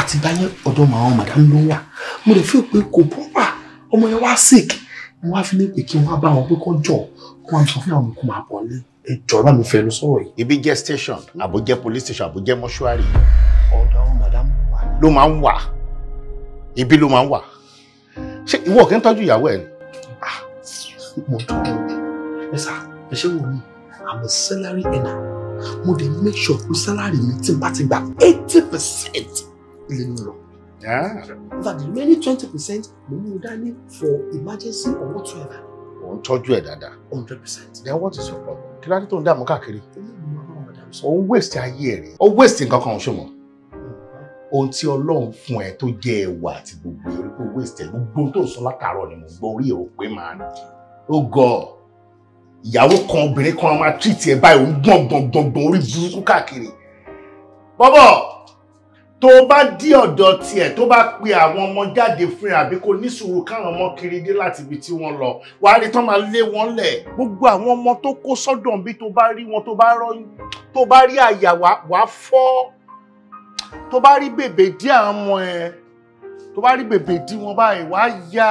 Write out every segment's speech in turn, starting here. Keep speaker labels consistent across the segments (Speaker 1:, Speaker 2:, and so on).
Speaker 1: àti báyẹn ọ̀dọ̀ màwọn madam ló wà mo lè fi pé kò pọ́pà ọmọ yẹn wá sick mo wá fi ní pé kí wọ́n bá wọn pé kọ́ jọ kó wọn sọ fún àwọn ọmọkùnrin àbọ̀ ní ẹjọ́ bá mi fẹnu sọ̀rọ̀ yìí. ibi jẹ́ station hmm. àbò police station àbò jẹ́ mọ́ṣúárì ọ̀dọ̀ àwọn madam ló máa ń wà ibi ló máa ń wà ṣé ìwọ kì í tọ́jú ìyàwó ẹ̀ ah, mo tọ́jú ẹ sá ẹ ṣé wò ni i'm a salary earner mo dey make sure pé salary mi ti bá ti gba eighty percent ilé ní lọ. in fact the remaining twenty percent mo mú un dání for emergency or whatsoever. ò ń tọ́jú ẹ̀ dáadáa. hundred percent. then what is your problem? kí ládé tó ń dààmú káàkiri. ò ń waste ayé ẹ̀ rí. ó waste nǹkan kan ṣùgbọ́n uh-huh. ohun tí ọlọ́run fún ẹ tó jẹ́ ẹwà àti gbogbo orí kò waste ẹ gbogbo tó sọ látàárọ̀ ni mo gbọ́ orí ẹ̀ ò pé màá ní. ó gọ̀ọ́ ìyàwó kan obìnrin kan máa tírìtì ẹ báyìí òun gbọ̀ngbọ̀ngbọ̀ngbọ̀n orí burúkú káàkiri bọ́bọ̀ tó bá dí ọ̀dọ̀ tiẹ̀ tó bá pe àwọn ọmọ jáde fún àbí kò ní sùúrù káwọn ọmọ kiri dé láti ibi tí wọ́n lọ wàá rí tán máa lé wọn lẹ̀ gbogbo àwọn ọmọ tó kó sọ́dọ̀ bí tó bá rí wọn tó bá rọ́yìn tó bá rí àyà wàá fọ́ tó bá rí bèbè dí àwọn ọmọ ẹ tó bá rí bèbè dí wọn báyìí wàá ya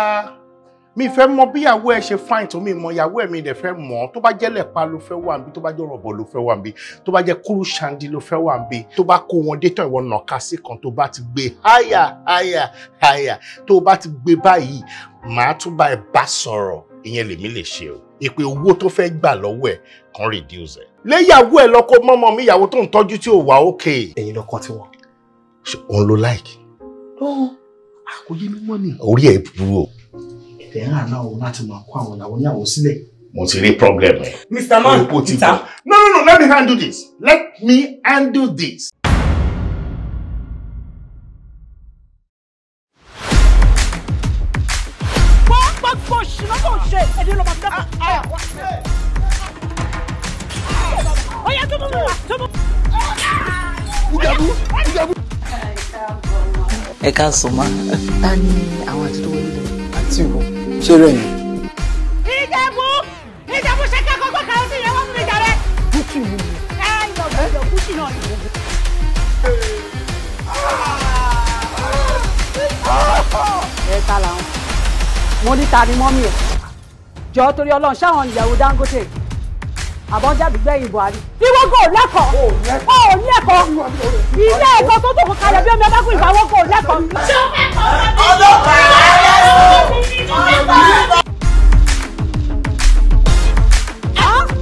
Speaker 1: mi fẹ́ mọ bí ìyàwó ẹ ṣe fáìn tó mi mọ ìyàwó ẹ mi dẹ̀ fẹ́ mọ̀ tó bá jẹ́ lẹ̀pa ló fẹ́ wà níbi tó bá jẹ́ rọ̀bọ̀ ló fẹ́ wà níbi tó bá jẹ́ kúrú ṣáńdí ló fẹ́ wà níbi tó bá kó wọn dé tán ìwọ nàka sí kan tó bá ti gbé háyà háyà háyà tó bá ti gbé báyìí màá tún bá ẹ bá sọ̀rọ̀ ìyẹn lèmi lè ṣe o ìpè owó tó fẹ́ gbà lọ́wọ́ ẹ̀ kan reduce ẹ̀. léyàwó ẹ lọkọ mọ́mọ́ mi ìyàwó tó ń tọ́jú tí ò wá òkè. ẹ̀yin lọkọ tí wọn. òun ló láìkì. ó àkóyé mímọ́ ni. orí ẹ̀ burú tẹ̀ ń àná òun láti máa kó àwọn ìyàwó níyàwó sílẹ̀. mo ti rí problem mr man oh, oh, peter oh. no no no let me handle this let me handle this.
Speaker 2: Ẹ ká sọ
Speaker 3: Ta ni àwọn àti tó wọlé lọ?
Speaker 4: Àti ìwọ ṣé rẹ̀ yẹn.
Speaker 3: ìjẹ̀bú ṣe kẹ́kọ̀ọ́ gbọ́ kàrọ́tì rẹ̀ wọ́n mi jàre. bùkì mi ẹ yọ yọ bùkì náà ni. ẹ làwọn mo ni mọ́mí ẹ̀ jọ torí ọlọ́run ṣáwọn ìyàwó Dangote àbọ̀ jàdúgbẹ́ yìí buhari ìwọ kò lẹ́kọ̀ọ́ ò lẹ́kọ̀ọ́ ilé ẹ̀kọ́ tó tó kò kalẹ̀ bí omi ọba kò kò lẹ́kọ̀ọ́. ọlọ́pàá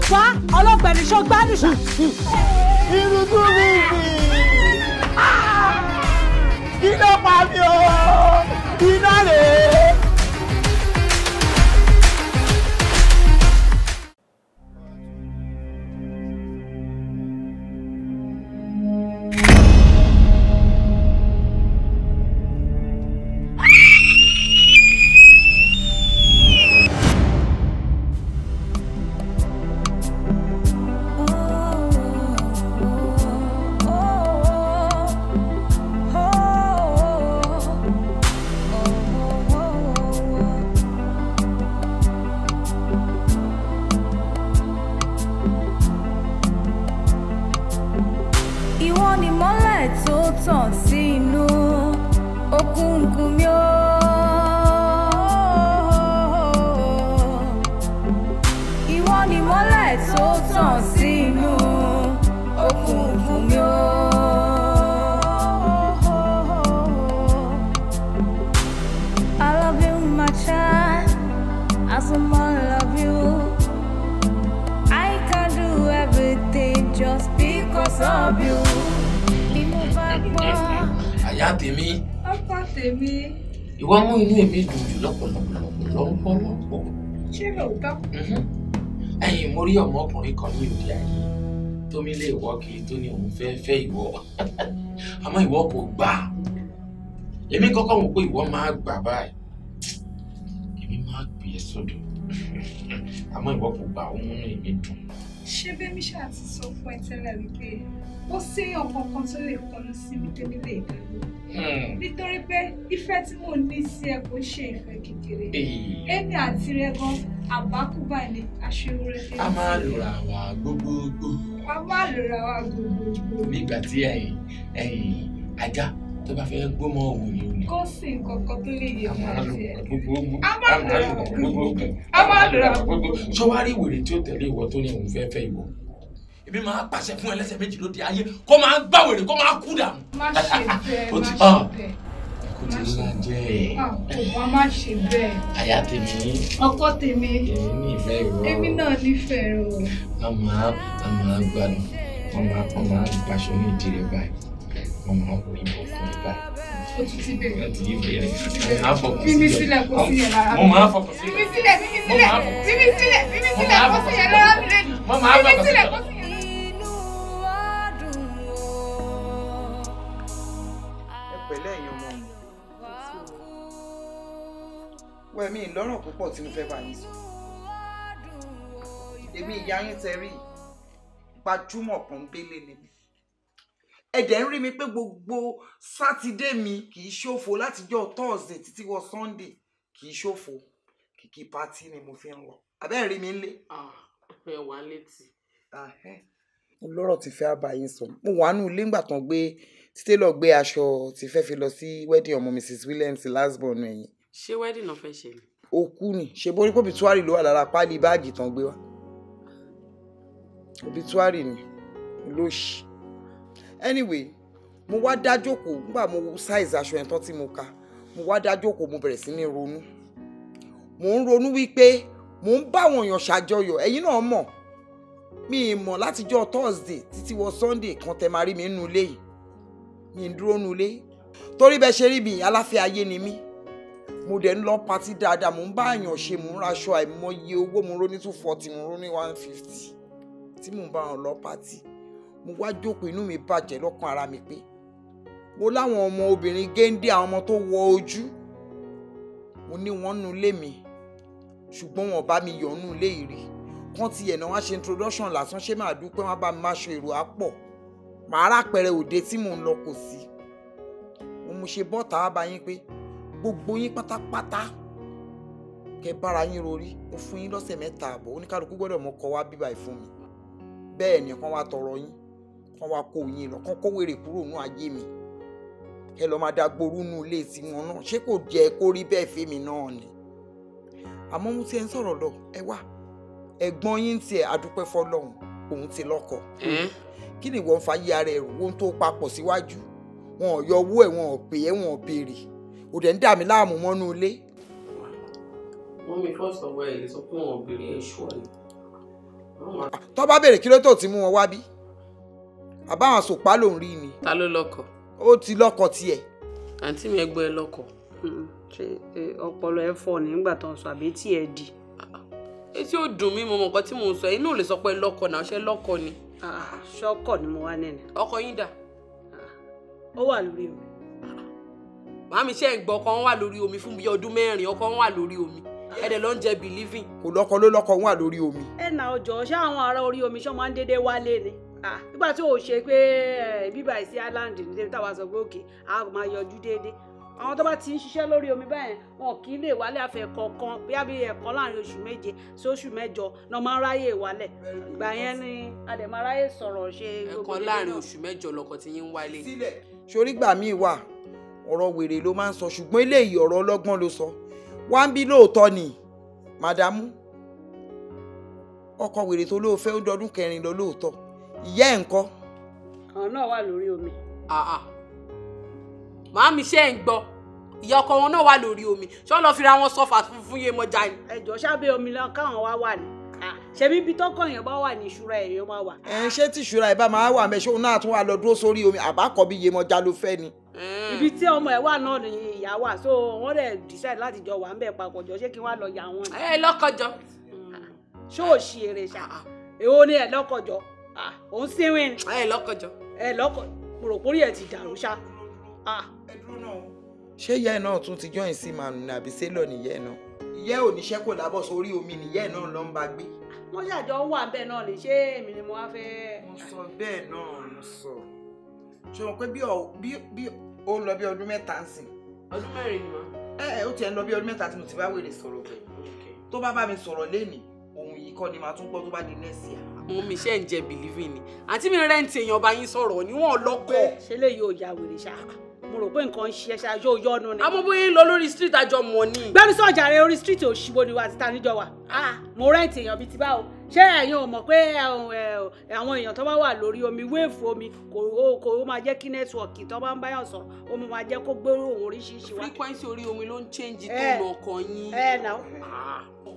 Speaker 3: fa ọlọ́pàá ẹni ṣó irú tó ní ìbí
Speaker 1: iná pa mí o iná rèé.
Speaker 2: dùn jù lọ́pọ̀lọpọ̀
Speaker 1: lọ́pọ̀lọpọ̀.
Speaker 2: ṣé lóòótọ́. Mhm. ẹ̀yin mo rí ọmọkùnrin kan ní òde àyè tómi lè wọ́ kiri tó ní òun fẹ́ fẹ́ ìwọ àmọ́ ìwọ kò gbà èmi kọ́kọ́ wò pé ìwọ máa gbà báyìí
Speaker 1: èmi máa gbé ẹ e sọ́dọ̀ àmọ́ ìwọ kò gbà ó múnú èmi dùn.
Speaker 5: ṣé bẹ́mi ṣáà ti sọ fún ẹ tẹ́lẹ̀ wípé ó sí ọkọ̀ kan tó lè kọ́nu sí mi tẹ́lẹ̀ lè dá Hmm. nítorí pé ìfẹ́ tí mo ní sí ẹ kò ṣe ìfẹ́ kékeré èmi àti rẹ gan ni aṣèwúrẹ́ fẹ́. a máa lòrà wa
Speaker 2: gbogbogbò.
Speaker 5: a máa lòrà wa gbogbogbò. nígbà tí ajá tó bá fẹ́
Speaker 2: gbọ́mọ òun ni o
Speaker 5: ní. kó sì nǹkankan tó lè yẹ fún ẹ. a máa
Speaker 6: lòrà gbogbogbò. a máa lòrà gbogbogbò. sọ wá rí wèrè tí ó tẹ̀lé ìwọ tó ní òun fẹ́ fẹ́ ìwọ èmi máa pàṣẹ fún ẹlẹ́sẹ̀ méjì lóde ayé kó máa gbá wèrè kó máa kú dànù.
Speaker 5: má ṣe bẹ́ẹ̀ má ṣe bẹ́ẹ̀ kò tí ì máa jẹ́ ẹ̀. àpòpá má ṣe bẹ́ẹ̀.
Speaker 2: àyà tèmi.
Speaker 5: ọkọ tèmi. èmi náà nífẹ̀ẹ́ rẹ o.
Speaker 2: a máa a máa gbádùn wọn máa wọn máa gbaṣọ ní ìdí rẹ báyìí
Speaker 5: wọn máa wọ ìbò fún mi
Speaker 4: báyìí. o ti ti bẹ̀rẹ̀. o ti ti bẹ̀rẹ̀. mímí sílẹ̀ kó sí yẹn mi. mo máa fọkàn sílẹ̀. mímí sílẹ̀ mímí sílẹ̀ mímí sílẹ̀ kó sí yẹn mi lẹ́nu. mímí sílẹ̀ kó sí
Speaker 2: wẹ́ẹ̀ mi lọ́rọ̀ púpọ̀ tí mo fẹ́ bá yín sọ èmi ìyá yín tẹ rí gbajúmọ̀ kan bẹ́lẹ̀ ni mi ẹ̀jẹ̀ ń rí mi pé gbogbo sátidé mi kì í ṣòfò látijọ́ tọ́ọ̀sì títí wọ sunday kì í ṣòfò kìkì pátí ni mo fi ń wọ abẹ́ rí mi lé. ẹ wà létí. lọ́rọ̀ tí fẹ́ bá yín sọ mo wà nù lẹ́ngbà tán gbé títí lọ gbé aṣọ tí fẹ́ fi lọ sí wedding ọmọ mrs williams last born ẹ̀yìn
Speaker 3: ṣé wedding náà fẹ́
Speaker 2: ṣe ni. òkú ni ṣe borí pé obituari ló wà lára páálí báàgì tán gbé wá obituari ni lóṣì anyway mo wá dá jókòó nígbà mo size aṣọ yẹn tán tí mo ka mo wá dá jókòó mo bẹ̀rẹ̀ sí ní ronú mo ń ronú wípé mo ń bá àwọn èèyàn ṣàjọyọ̀ ẹ̀yin náà mọ̀ mi ì mọ̀ látijọ́ Thursday títí wọ Sunday kan tẹ máa rí mi nínú ilé yìí mi ń dúró nínú ilé torí bẹ́ẹ̀ ṣe rí mi aláfẹ́ ayé ni mí mo dẹ̀ ń lọ patí dáadáa mò ń bá àyàn ṣe mò ń raṣọ àìmọye owó mo ró ní two forty mo ró ní one fifty tí mò ń bá wọn lọ patí mo wá jókòó inú mi bàjẹ́ lọ́kàn ara mi pé mo láwọn ọmọ obìnrin géńdé àwọn ọmọ tó wọ ojú mo ní wọn nu ilé mi ṣùgbọ́n wọn bá mi yọ̀ nù ilé ìrì kan ti ẹ̀nà wá ṣe introduction lásán ṣé máa dúpẹ́ wọn bá mi má ṣe èrò àpọ̀ màá rà pẹ̀rẹ̀ òde tí mò ń lọ kò sí òun mo ṣe bọ́ta wá bá yín pé gbogbo yín pátápátá kẹ bára yín rorí ó fún yín lọ́sẹ̀ mẹ́ta àbọ̀ oníkálukú gbọ́dọ̀ mọ kọ́ wá bíbá ìfún mi bẹ́ẹ̀ ni kàn wá tọrọ yín kàn wá kó yín lọ kàn kó wèrè kúrò nú ayé mi ẹ lọ́ọ́ máa da gboru nú ilé tí wọn náà ṣé kò jẹ́ kó rí bẹ́ẹ̀ fẹ́mi náà ni àmọ́ mo ti ẹ̀ ń sọ̀rọ̀ lọ ẹ wá ẹ̀gbọ́n yín tiẹ̀ adúpẹ́ fọlọ́hún òun ti lọ́kọ kí ni ìwọ ń fa yí ara ẹ̀rù wọn tó papọ̀ síwájú wọn ò yọ owó ẹ̀ wọn ò pè é wọn ò béèrè ò dẹ̀ ń dà mí láàmú mọ́nú ilé. wọ́n mi fọ́ sọ̀rọ̀ ẹ̀ sọ pé wọn ò béèrè èṣù ọ̀lẹ́. tó bá béèrè kí ló tó ti mú wọn wá bí àbáwọn sòpá ló ń rí ni. ta ló lọ́kọ. ó ti lọ́kọ tiẹ̀.
Speaker 3: àǹtí mi ẹgbẹ́ ẹ lọ́kọ. ṣe ọpọlọ ẹ fọ́ nígbà tó ń sọ àbí tí ẹ di. etí ó dùn mí mo mọ nǹkan tí mò ń sọ inú ò lè sọ pé lọ́kọ náà ṣe lọ́kọ ni. Ah, ṣọ́kọ ni mo wá nẹ́ni. ọkọ yín dà. Ah, ó wà lórí mi màámi ṣe ń gbọ́ ọkọ wọn wà lórí omi fún bíi ọdún mẹ́rin ọkọ wà lórí omi ẹ̀dẹ̀ ló
Speaker 2: ń jẹ believing. kò lọ́kọ ló lọ́kọ wọn wà lórí omi.
Speaker 3: ẹ nà ọjọ́ ṣé àwọn ará orí omi ṣọ́ máa ń dédé wálé ni nígbà tí ò ṣe pé bíbá ìsí island ní tẹ́lẹ̀ táwa sọ pé òkè a máa yọjú déédéé àwọn tó bá ti ń ṣiṣẹ́ lórí omi báyẹn wọn kì í lè wálé àfẹ kọ̀ọ̀kan bóyá bí ẹ̀kan láàrin oṣù méje sí oṣù mẹ́jọ náà máa ń ráyè wálẹ̀ ìgbà yẹn ni a dẹ̀ máa ráyè sọ̀rọ̀ ṣe gbogbo láàrin oṣù
Speaker 2: mẹ́jọ lọkọ tí yín wálé. sórí gbà míì wà ọ̀rọ̀ wèrè ló máa ń sọ ṣùgbọ́n eléyìí ọ̀rọ̀ ọlọ́gbọ́n ló sọ wá ń bí lóòótọ́ ni màdámù ọkọ wèrè tó lóòfẹ́ ó dọdún kẹrin lọ lóòótọ́ ìyá ẹ̀ ń kọ́.
Speaker 3: àwọn náà wà lórí omi. màámi ṣe ń gbọ́ ìyá ọkọ wọn náà wà lórí omi ṣé wọn lọ fira wọn sọ fàfún fún Yemọja ni. ẹjọ sábẹ́ omi lọ káwọn wá wà ní. Ah. ṣebí ibi tọkọ èèyàn bá wà ní ìṣúra èèyàn máa wà.
Speaker 2: ẹ ṣé tí ìṣúra ẹ bá máa wà mẹ ṣé òun náà tún wà lọ dúró sórí omi àbákọ̀bí Yemọja ló fẹ́ ni.
Speaker 3: Hmm. ibi tí ọmọ ẹ wà náà ni ìyá wà so wọn dẹ decide láti jọ wà ń bẹ papọ̀ jọ ṣé kí wọ́n á lọ yà wọ́n. ẹ lọkọjọ. Hmm. ṣé ò ṣe eré ṣá ah, ah. èwo ni ẹ lọkọjọ òun síwìn. ẹ lọkọjọ. ẹ lọkọ pòròpórì ẹ ti dàrú ṣá.
Speaker 2: ṣé ìyá náà tún ti join ìyẹ́ oníṣẹ́ kò lábọ̀ sórí omi nìyẹ́ náà ló ń bá gbé.
Speaker 3: wọ́n ṣàjọ wà bẹ́ẹ̀ náà lè ṣe èmi ni mo wá fẹ́.
Speaker 2: mo sọ bẹ́ẹ̀ náà mo sọ ṣé wọn pé bí o ń lọ bí ọdún mẹ́ta ń sìn. ọdún mẹ́rin ni wọn. ẹ ẹ o tiẹ̀ ń lọ bí ọdún mẹ́ta tí mo ti bá wèrè sọ̀rọ̀ bẹ́ẹ̀ tó bá bá mi sọ̀rọ̀ lénìí òun yìí kọ́ ni màá tún gbọ́ tó bá di nẹ́ẹ̀sì à mo mi ṣe ń jẹ bìlífì ni àti mi rẹ́ǹtì èèyàn bá yín sọ̀rọ̀ níwọ̀n lọ́kọ̀. ṣe lè yóò ya
Speaker 3: wèrè ṣáà mo rò pé nǹkan ń ṣe ẹṣẹ ajó yọnu ni. àmọ́ bóyá ń lọ lórí street àjọ mọ̀ ni. gbẹ́nu sọ̀jà rẹ orí street òṣìwò ni wà á ti ta níjọ wa. mo rẹ́ǹtì èèyàn bíi ti báwo ṣé ẹ̀yin ò mọ̀ pé àwọn èèyàn tó bá wà lórí omi wéèfù omi kò kò ó máa jẹ́ kí nẹ́tíwọ̀kì tó bá ń báyàn sọ̀rọ̀ ó máa jẹ́ kó gbóró òun oríṣiríṣi wá. frequency orí omi ló ń change tóun ọkàn yín. ẹ nà ó.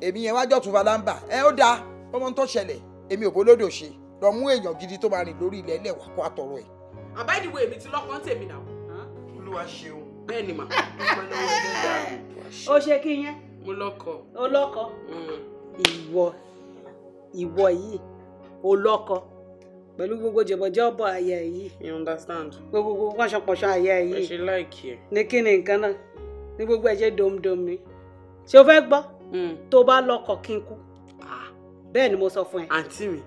Speaker 2: èmi yẹn wájọ tún balamba ẹ ó dáa ọmọ tó ṣẹlẹ̀ èmi ò bólódò ṣe lọ mú èèyàn gidi tó máa rìn lórí ilẹ̀ ẹlẹ́wà kó àtọ̀rọ̀ ẹ̀. àbáyé ìwé mi ti lọ́kàn tèmi náà olúwa ṣeun. bẹ́ẹ̀ ni mà dúpẹ́ lọ́wọ́ ẹlẹ́dàá rẹ̀. ó ṣe kí yẹn.
Speaker 3: mo lọ́kọ. o lọ́kọ. Mm. ìwọ ìwọ yìí o lọ́kọ pẹ̀lú gbogbo jọ̀bọ̀jọ̀bọ̀ ayé yìí. you understand. gbogbo pọ̀ṣọpọ̀ṣọ ayé yìí. ẹ ṣe láìkì ẹ. ní kí ni nǹkan náà ní gbogbo ẹ ṣe domdomi ṣé o fẹ́ gbọ́ mm. tó bá lọ́kọ kí n kú bẹ́ẹ̀ ni mo sọ fún ẹ. àǹtí mi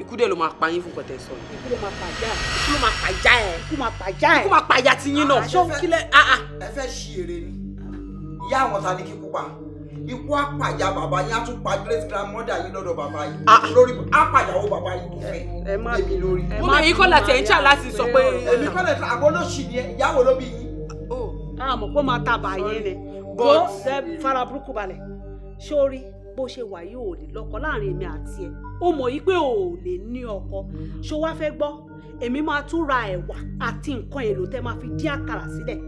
Speaker 2: ikú dẹ̀ ló máa pa yín fún kọ̀tẹ́ sọ.
Speaker 3: ikú ló máa pàjá ẹ ikú
Speaker 2: ló máa pàjá ẹ ikú máa pàjá ẹ ikú máa pàjá ti yín náà. Ah, ṣé o kílẹ̀ aa. Ah, ah. ẹ fẹ́ ṣí eré ni ìyá àwọn ta ni kí kú pa ikú apàjá bàbá yín á tún pa great grandmother yín lọ́dọ̀ bàbá yín lórí apàjáwó bàbá yín tó fẹ́ èmi lórí. mo mọ èyí kọ́lá tẹ̀ ń ṣà láti sọ pé. èmi kọ́lá tẹ̀ àgbọ̀lọ́sì ni ìyáwó ló bí yín.
Speaker 3: àmọ́ oh, kó máa ta bàyẹn ni bó fara burúkú balẹ̀ sórí bó ṣe wà yìí ò lè lọ́kọ láàrin èmi àti ẹ̀ ó mọ̀ yìí pé ò lè ní ọkọ mm-hmm. ṣó wá fẹ́ gbọ́ èmi máa tún ra ẹ̀wà àti nǹkan èlò tẹ́ máa fi dín àkàrà sílẹ̀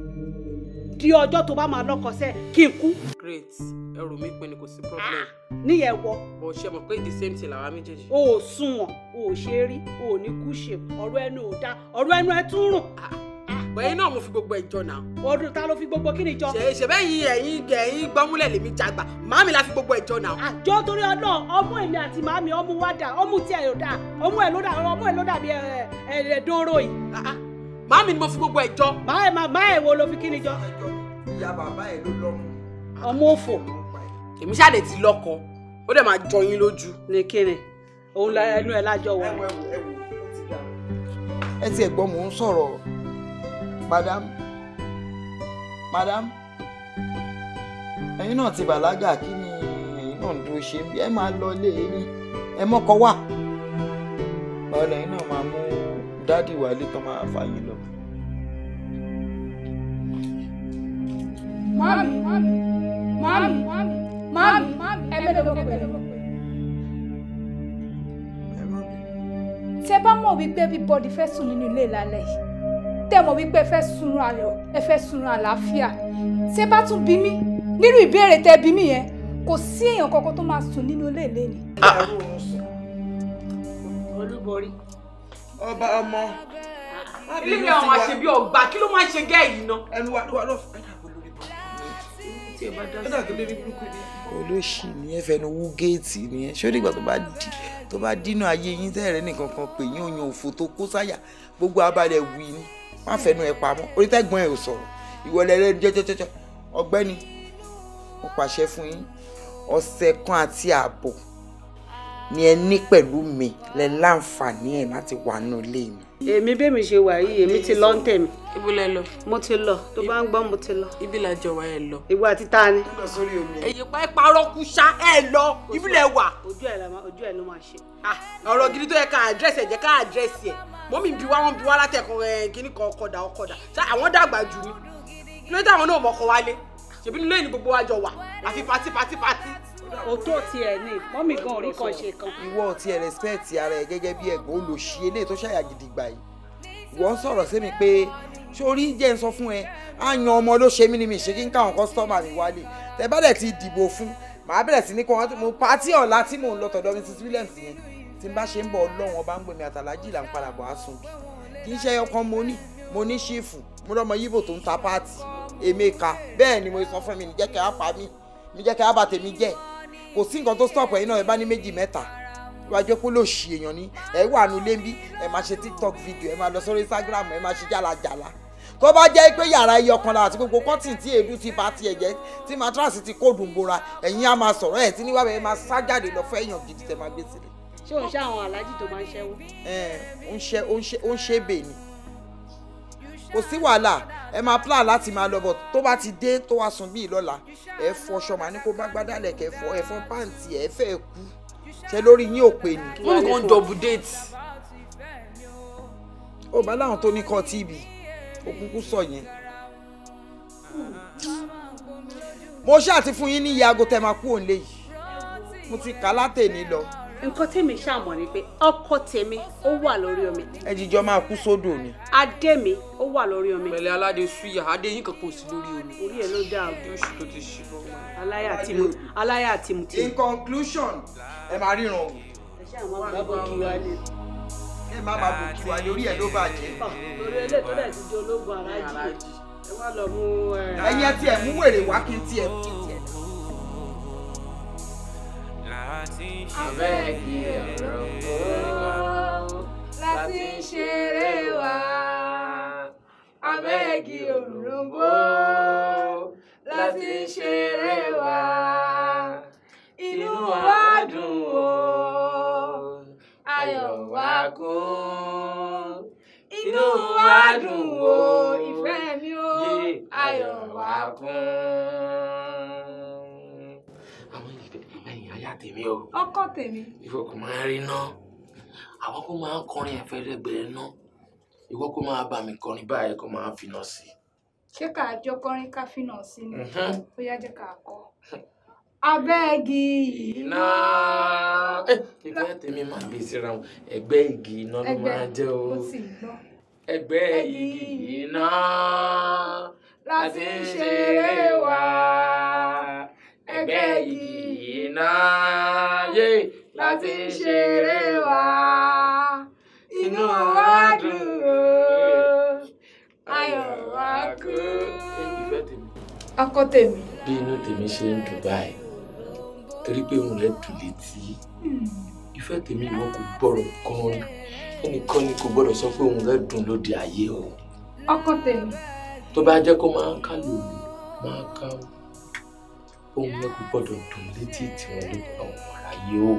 Speaker 3: di ọjọ́ tó bá máa lọ́kọ sẹ́ kí n kú. great ẹrù mi pinni kò sí problem. Ah, níyẹn wọ. bó ṣe mọ̀ pé the same thing làwa méjèèjì. o ò sunwọ̀n o ò ṣe é rí o ò ní kú ṣe ọ̀rọ̀ ẹnu ò dáa ọ̀rọ̀ ẹnu ẹ tún rùn. Ah. ẹ̀yin náà mo fi gbogbo ìjọ náà. ọdún ta ló fi gbogbo kí ni jọ. ṣe ṣe bẹ́ẹ̀ yín ẹ̀yin ẹ̀yin gbọ́múlẹ̀ lèmi la fi gbogbo ìjọ náà. àjọ torí ọlọ ọmú èmi àti ọmú dà ọmú tí ẹ dà ọmú ẹ ló dà ọmú ẹ ah, ah. ni mo fi gbogbo ìjọ. ẹ wo ló fi kí ni jọ. ọmọ òfò. èmi
Speaker 2: ti ó madam madam ẹ̀yin náà ti bàlágà kí ni ẹ̀yin náà ń dúró ṣe ẹ máa lọ ilé yín ẹ mọ́kọ wà báwo lẹ́yìn náà máa mú dádì wálé tó máa fà yín lọ.
Speaker 4: mọ́mí mọ́mí mọ́mí
Speaker 5: mọ́mí mọ́mí ẹ bẹ́ẹ̀ lọ́wọ́ pẹ̀lú. tẹ bá mọ̀ wípé everybody fẹ́ sùn nínú ilé lálẹ́ yìí tẹ̀mọ̀ wípé ẹ fẹ́ sunra ayọ̀ ẹ fẹ́ sunra àlàáfíà tẹ bá tún bí mí nínú ìbéèrè tẹ bí mí yẹn kò sí èèyàn kankan tó máa sùn nínú ilé ilé ni. Ah. olúborí ọba ọmọ.
Speaker 4: ilé ni àwọn àṣebí
Speaker 3: ọgbà kí
Speaker 2: ló máa ń ṣe gẹ́ yìí ná. ẹnu wa ló wà lọ́ọ̀fù ẹ̀dá kò lórí bọ̀ ẹ̀dá ẹ fẹnu wú géètì ni ẹ ṣó nígbà tó bá di tó bá dínú ayé yín tẹ́rẹ̀ẹ́ nìkan kan pè yín òyìn òfò tó kó sáyà gbogbo abalẹ̀ wí ni má fẹnu ẹ pamọ́ orítẹ́gbọ́n ẹ ò sọ̀rọ̀ ìwọlẹ̀ rẹ jẹ́jẹ́jẹ́jẹ́ ọ̀gbẹ́ni mo pàṣẹ fún yín ọ̀sẹ̀ kan àti ààbọ̀ ni ẹ ní pẹ̀lú mi lẹ láǹfààní ẹ̀ láti wà nínú ilé mi
Speaker 3: èmi bẹ́ẹ̀mi ṣe wà yìí èmi ti lọ ń tẹ̀mí. ibo lẹ lọ. mo ti lọ tó bá ń gbọ́ mo ti lọ. ibi la jọ wa ẹ lọ. ìwọ àti ta ni. èyí pa ipa ọrọ̀kú ṣá ẹ lọ ibi lẹ wà. ojú ẹ la ma ojú ẹ ló máa ṣe. ọ̀rọ̀ gidi tó yẹ ká àdírẹ́sì ẹ̀ jẹ́ ká àdírẹ́sì ẹ̀ mọ́mí bí wá wọ́n bí wá látẹ̀kùn ẹ̀ kíní kan ọkọ̀dà ọkọ̀dà ṣá àwọn dàgbà jù ni lóyún táwọn náà mọ̀kọ wálé ṣèbí nílé ìlú gbogbo wa jọ wà àfi patí patí patí òótọ́ ti ẹ̀ ni mọ́mì gan orí kan ṣe
Speaker 2: kan. ìwọ ti ẹ̀ respect ara ẹ gẹ́gẹ́ bí ẹ̀gbọ́n olùṣí eléyìí tó ṣàyà gidigba yìí wọ́n sọ̀rọ̀ sí mi pé sórí jẹ́ ń sọ fún ẹ àyàn ọmọ ló ṣe mí ni mi ṣe kí n káwọn kọ́sítọ́mà mi wálé tẹ bá dẹ̀ ti dìbò fún màá bẹ̀rẹ̀ sí ní kí wọ́n mo pàtí ọ̀la tí mò ń lọ tọ̀dọ̀ Mrs Williams yẹn tí n bá ṣe ń bọ̀ ọlọ́run ọba ń gbẹ̀mí àtàlájì là ń padà bọ̀ á sùn bí kì í ṣe ọkàn mo ní mo ní ṣífù mo lọ́mọ yíbò tó ń ta páàtì Emeka bẹ́ẹ̀ ni mo sọ fún mi ní jẹ́ kẹ́ á pa mí mi jẹ́ kẹ́ á bà tèmi jẹ́ kò sí nǹkan tó stop ẹ̀yin náà ẹ bá ní méjì mẹ́ta wàá jẹ́ pé lòṣì èèyàn ni ẹ wà nù lẹ́ńbí ẹ máa ṣe tiktok video ẹ máa lọ sórí instagram ẹ máa ṣe jàlàjàlà tó bá jẹ́ pé yàrá ẹyọ kan la àti gbogbo kọ́tìn tí èédú ti ba tiẹ̀ jẹ́ tí matrasi ti kó dùnbora ẹ̀yin á máa sọ̀rọ̀ ẹ̀ tí níwá bẹ́ẹ̀ máa sá jáde lọ fẹ́ èèyàn gidi tẹ̀ máa gbé sílẹ̀.
Speaker 3: ṣé o ń ṣe àwọn aláàjì
Speaker 2: tó máa ń ṣẹ́wó. ẹ ń ṣe ó ń ṣe bẹ́ẹ̀ ni kò sí wàhálà ẹ máa plan láti máa lọ bọ̀ tó bá ti dé tó wá sùn bíi lọ́la ẹ fọ ṣọmọ ní kó bá gbádàlẹ̀ kẹ fọ ẹ fọ pàǹtì ẹ fẹ́ kú ṣe lórí yín ò pè ní. wọ́n kàn double date. ó bá láwọn tó ní kọ́ tíìbì òkúkú sọ yẹn. mo ṣáà ti fún yín ní iye aago tẹ máa kú òun léyìí mo ti kà á látẹ̀ ní lọ nǹkan tèmi ṣàmọ̀ ni pé
Speaker 3: ọkọ tèmi ó wà lórí omi.
Speaker 2: ẹ jíjọ máa kú sódò ni.
Speaker 3: adé mi ó wà lórí omi.
Speaker 2: pẹ̀lẹ́ aládé suya adé yín kan kò sí
Speaker 3: lórí omi. orí ẹ ló dáa o. yóò tó ti ṣì bọ́.
Speaker 2: aláyà tí mo tí in conclusion ẹ máa ríran o. ẹ
Speaker 3: ṣe àwọn àgbàbọ̀ kí wá
Speaker 2: lè ẹ má máa bò kí wa lórí ẹ ló bàjẹ́. lórí ah, ilé tó dẹ̀ ti
Speaker 3: di ológun aráàjì ẹ wá lọ mú. ẹyẹ tiẹ̀ mú wèrè wá
Speaker 2: kí n tiẹ̀ kí n tiẹ̀
Speaker 5: abẹ́ kí
Speaker 4: ọ̀rọ̀ kó láti ń ṣeré wa
Speaker 5: abẹ́ kí ọ̀rọ̀ kó láti ń ṣeré wa inú wa dùn o ayọ̀ wa kún inú wa dùn o ìfẹ́ mi o ayọ̀ wa kún. ìyá tèmi o. ọkọ tèmi.
Speaker 2: ìwọ kò máa rí ná
Speaker 6: àwọn kò máa ń kọrin ẹ̀fẹ́rẹ́gbẹ̀rẹ́ ná ìwọ kò máa bá mi kọrin báyìí kò máa finá
Speaker 2: sí i.
Speaker 5: ṣé ká jọ kọrin ká finá sí ni ó yá jẹ́ ká kọ. abẹ́ igi
Speaker 2: iná. ìfẹ́ tèmi máa bí síra wọn ẹgbẹ́ igi iná ló máa jẹ́ o. ẹgbẹ́ igi iná
Speaker 3: láti ṣeré wa ẹgbẹ́
Speaker 2: yìí náà yé
Speaker 5: láti ṣeré wa inú wa dùn o ayọ̀ wa kú. akọ tèmi.
Speaker 6: bí inú tèmi ṣe ń dùn báyìí torí pé òun rẹ dùn létí hmm. ìfẹ́ tèmi ìwọ kò gbọ́rọ̀
Speaker 2: kan rí ẹnìkan ni kò gbọ́dọ̀ sọ pé òun rẹ dùn lóde ayé o. ọkọ tèmi. tó bá jẹ́ kó máa ń kálò máa ká o
Speaker 1: ohun yẹn kò gbọ́dọ̀ dùn létí tiwọn lórí ọmọ aráyé o.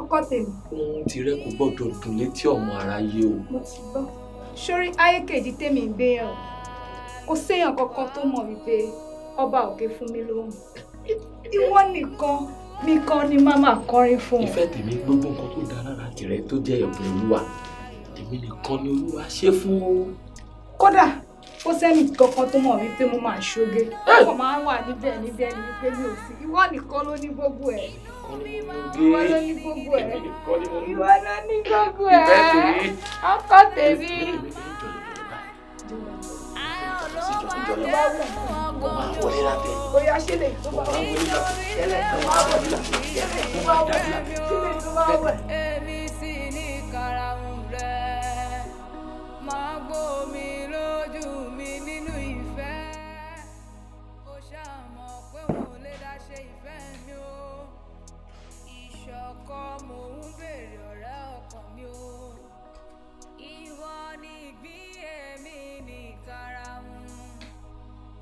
Speaker 5: ọkọ tèmi. ohun
Speaker 1: tirẹ̀ kò
Speaker 6: gbọ́dọ̀
Speaker 2: dùn létí ọmọ aráyé o.
Speaker 5: mo ti gbọ́ sórí ayé kejì tèmi gbé yàn kò séèyàn kankan tó mọ̀ wípé ọba òkè fún mi lóhùn ìwọ nìkan mi kan ni màmá kọrin fún un. ìfẹ́ tèmi gbogbo nǹkan tó dára lára tirẹ̀ tó
Speaker 6: jẹ́
Speaker 2: ẹ̀bùn olúwa tèmi nìkan ni olúwa ṣe fún
Speaker 5: kódà kó sẹ́ni kankan tó mọ̀ wípé mo máa ṣoge ọkọ̀ máa wà níbẹ̀ níbẹ̀ ni wípé mi ò sí ìwọ nìkan ló ní gbogbo ẹ̀ ìwọ ló ní gbogbo ẹ̀ ìwọ ló ní gbogbo ẹ̀ ọkọ tèmi. Oya ṣe lè tó bá wẹ̀. Ṣẹlẹ̀ tọ́jú mi nínú ìfẹ́ ó ṣàmọ̀ pé wọn ò lè dá ṣe ìfẹ́ mi o ìṣọ̀kọ mò ń béèrè ọ̀rẹ́ ọkàn mi o ìwọ ni ìgbín èmi ní karahun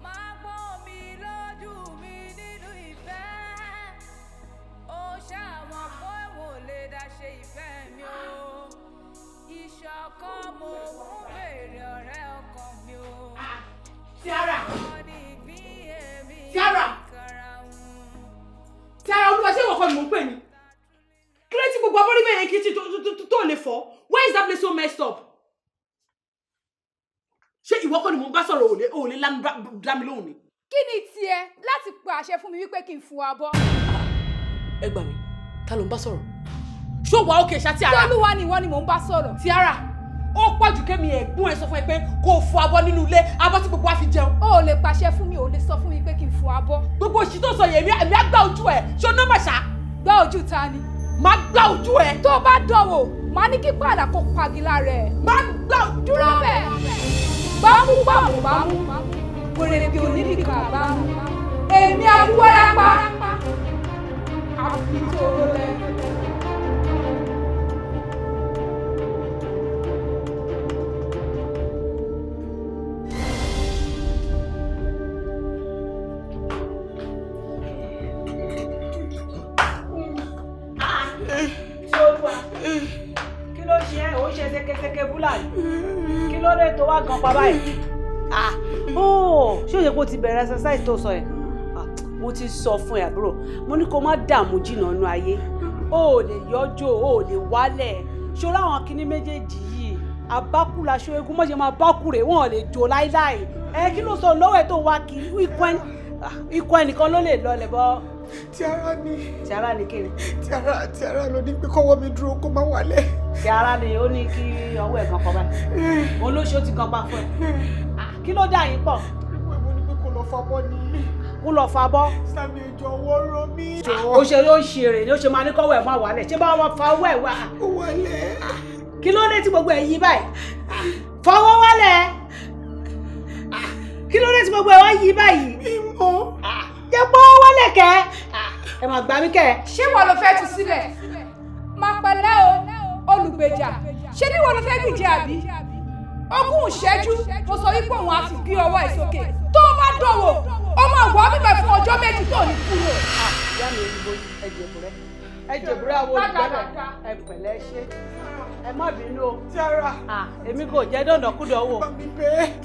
Speaker 5: má pọ́n mi lójú mi nínú ìfẹ́ ó ṣàmọ̀ pé wọn lè dá ṣe ìfẹ́ mi o ìṣọ̀kan mo
Speaker 3: bèrè ọ̀rẹ́ ọkàn mi o. Ah, Tiara Tiara Tiara olúwa ṣé ìwọ kọ́ ni mò ń pè ní. kílẹ̀ tí gbogbo abọ́rí bẹ̀rẹ̀ kìtì tó why is that place so messed up. ṣé ìwọ kọ́ ni mò ń bá sọ̀rọ̀ òòlé òòlé lámi lóhùn ni.
Speaker 5: kí ni tiẹ̀ láti pa àṣẹ fún mi wípé kí n fún wa bọ́. ẹ gbà mí ta ló ń bá sọ̀rọ̀ ṣó wà òkè ṣá tiara. tọ́lúwa ni
Speaker 3: ìwọ ni mò ń bá sọ̀rọ̀. tiara ó pọ̀ jù kémi ẹ̀gbọ́n ẹ̀ sọ fún ẹ pé kó o fọ abọ́ nínú ilé abọ́
Speaker 5: tí gbogbo wa fi jẹun. o ò lè pàṣẹ fún mi ò lè sọ fún mi pé kí n fọ abọ́.
Speaker 3: gbogbo òṣì tó sọ yẹn èmi á gbá ojú ẹ ṣó nọ́mbà ṣá. gbá
Speaker 5: ojú ta ni. máa gbá ojú ẹ. tó o bá dánwò máa ní kí padà kó pagilá rẹ. máa gbá ojú rẹ. dúró bẹ́ẹ̀ bámú bámú bámú wèrè kí onídìkà bámú. èmi
Speaker 3: exercise tó sọ yẹn ah, mo ti sọ fún ẹ àbúrò mo ní kó má dààmú jìnnà nú ayé o ò lè yọjọ o ò lè wálẹ̀ ṣọlá àwọn kinní méjèèjì yìí abákù laṣọ egun mọ̀jẹ̀ máa bákù rẹ̀ wọ́n ò lè jò láíláì ẹ kí ló sọ lọ́wọ́ tó wá kí ah, ikú ẹnìkan ló lè lọlẹ̀ bọ́ tiara ni. tiara ni kini. tiara tiara lo ni pé kọ́wọ́ mi dúró kó má wálẹ̀. tiara ni ó ní kí ọwọ́ ẹ̀ kan kọ́ báyìí eh. olóṣó ti kan pa fún ẹ ah, kí ló
Speaker 2: dà yín pọ̀ fọbọ́ ni.
Speaker 3: kó lọ fabọ́.
Speaker 2: sami ìjọ owó rọ mí.
Speaker 3: o ṣe ló ń ṣe èrè ni o ṣe máa ní kọ́wọ́ ẹ̀ máa wà lẹ̀ ṣé báwọn máa fa owó ẹ̀ wá. wọlé. kí ló dé tí gbogbo ẹ̀ yí báyìí. fọwọ́ wálẹ̀. kí ló dé tí gbogbo ẹ̀ wá yí báyìí. mímọ́. jẹ́ pọ́wọ́ wálẹ̀ kẹ́. ẹ máa
Speaker 5: gbà mí kẹ́. ṣé wọn ló fẹ́ tu sílẹ̀ máa pẹ̀lẹ́ o olùgbèjà ṣé bí wọn ló fẹ́ gbìjẹ àbí ogún ìṣẹ́jú mo sọ wípé òun á fi gbé ọwọ́ ẹ̀ sókè tó o bá dọ̀wọ̀ ó máa wọ́ bíbẹ̀ fún ọjọ́ méjì tó ní kú lò. Ah,
Speaker 3: ìyá mi ìbò ẹ̀jẹ̀ búrẹ́ ẹ̀jẹ̀ búrẹ́ àwọn olùgbẹ́bẹ̀ ẹ pẹ̀lẹ́ ṣe ẹ má bínú o. tiara ah, èmi kò jẹ́ dandan wò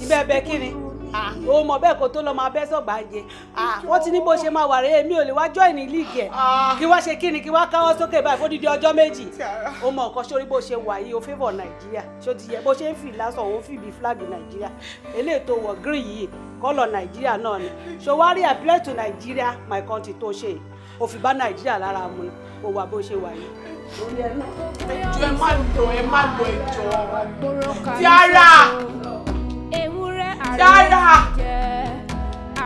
Speaker 3: ibẹ̀ bẹ kí ni. Ah, o mọ̀ bẹ́ẹ̀ kó tó lọ máa bẹ́ sọ̀gbàǹjẹ ah, wọ́n ti ní bó ṣe máa wà rèé mi ò lè wá join ní league ẹ̀ ah. kí wá ṣe kí ni kí wá káwọ́ sókè báyìí fún dídí ọjọ́ méjì o mọ̀ nǹkan sórí bó ṣe wà yìí o favour nàìjíríà ṣó ti yẹ bó ṣe ń fi lásán òun fi bí flag nàìjíríà eléyìí tó wọ̀ green yìí kọ́lọ̀ nàìjíríà náà ni So wá rí apply to nàìjíríà my country tó ṣe o fi bá nàìjíríà lára mu ni o wà bó ṣe wà yìí lórí ẹ má lọ
Speaker 5: ẹ má lọ ẹjọ́ ti ara dára.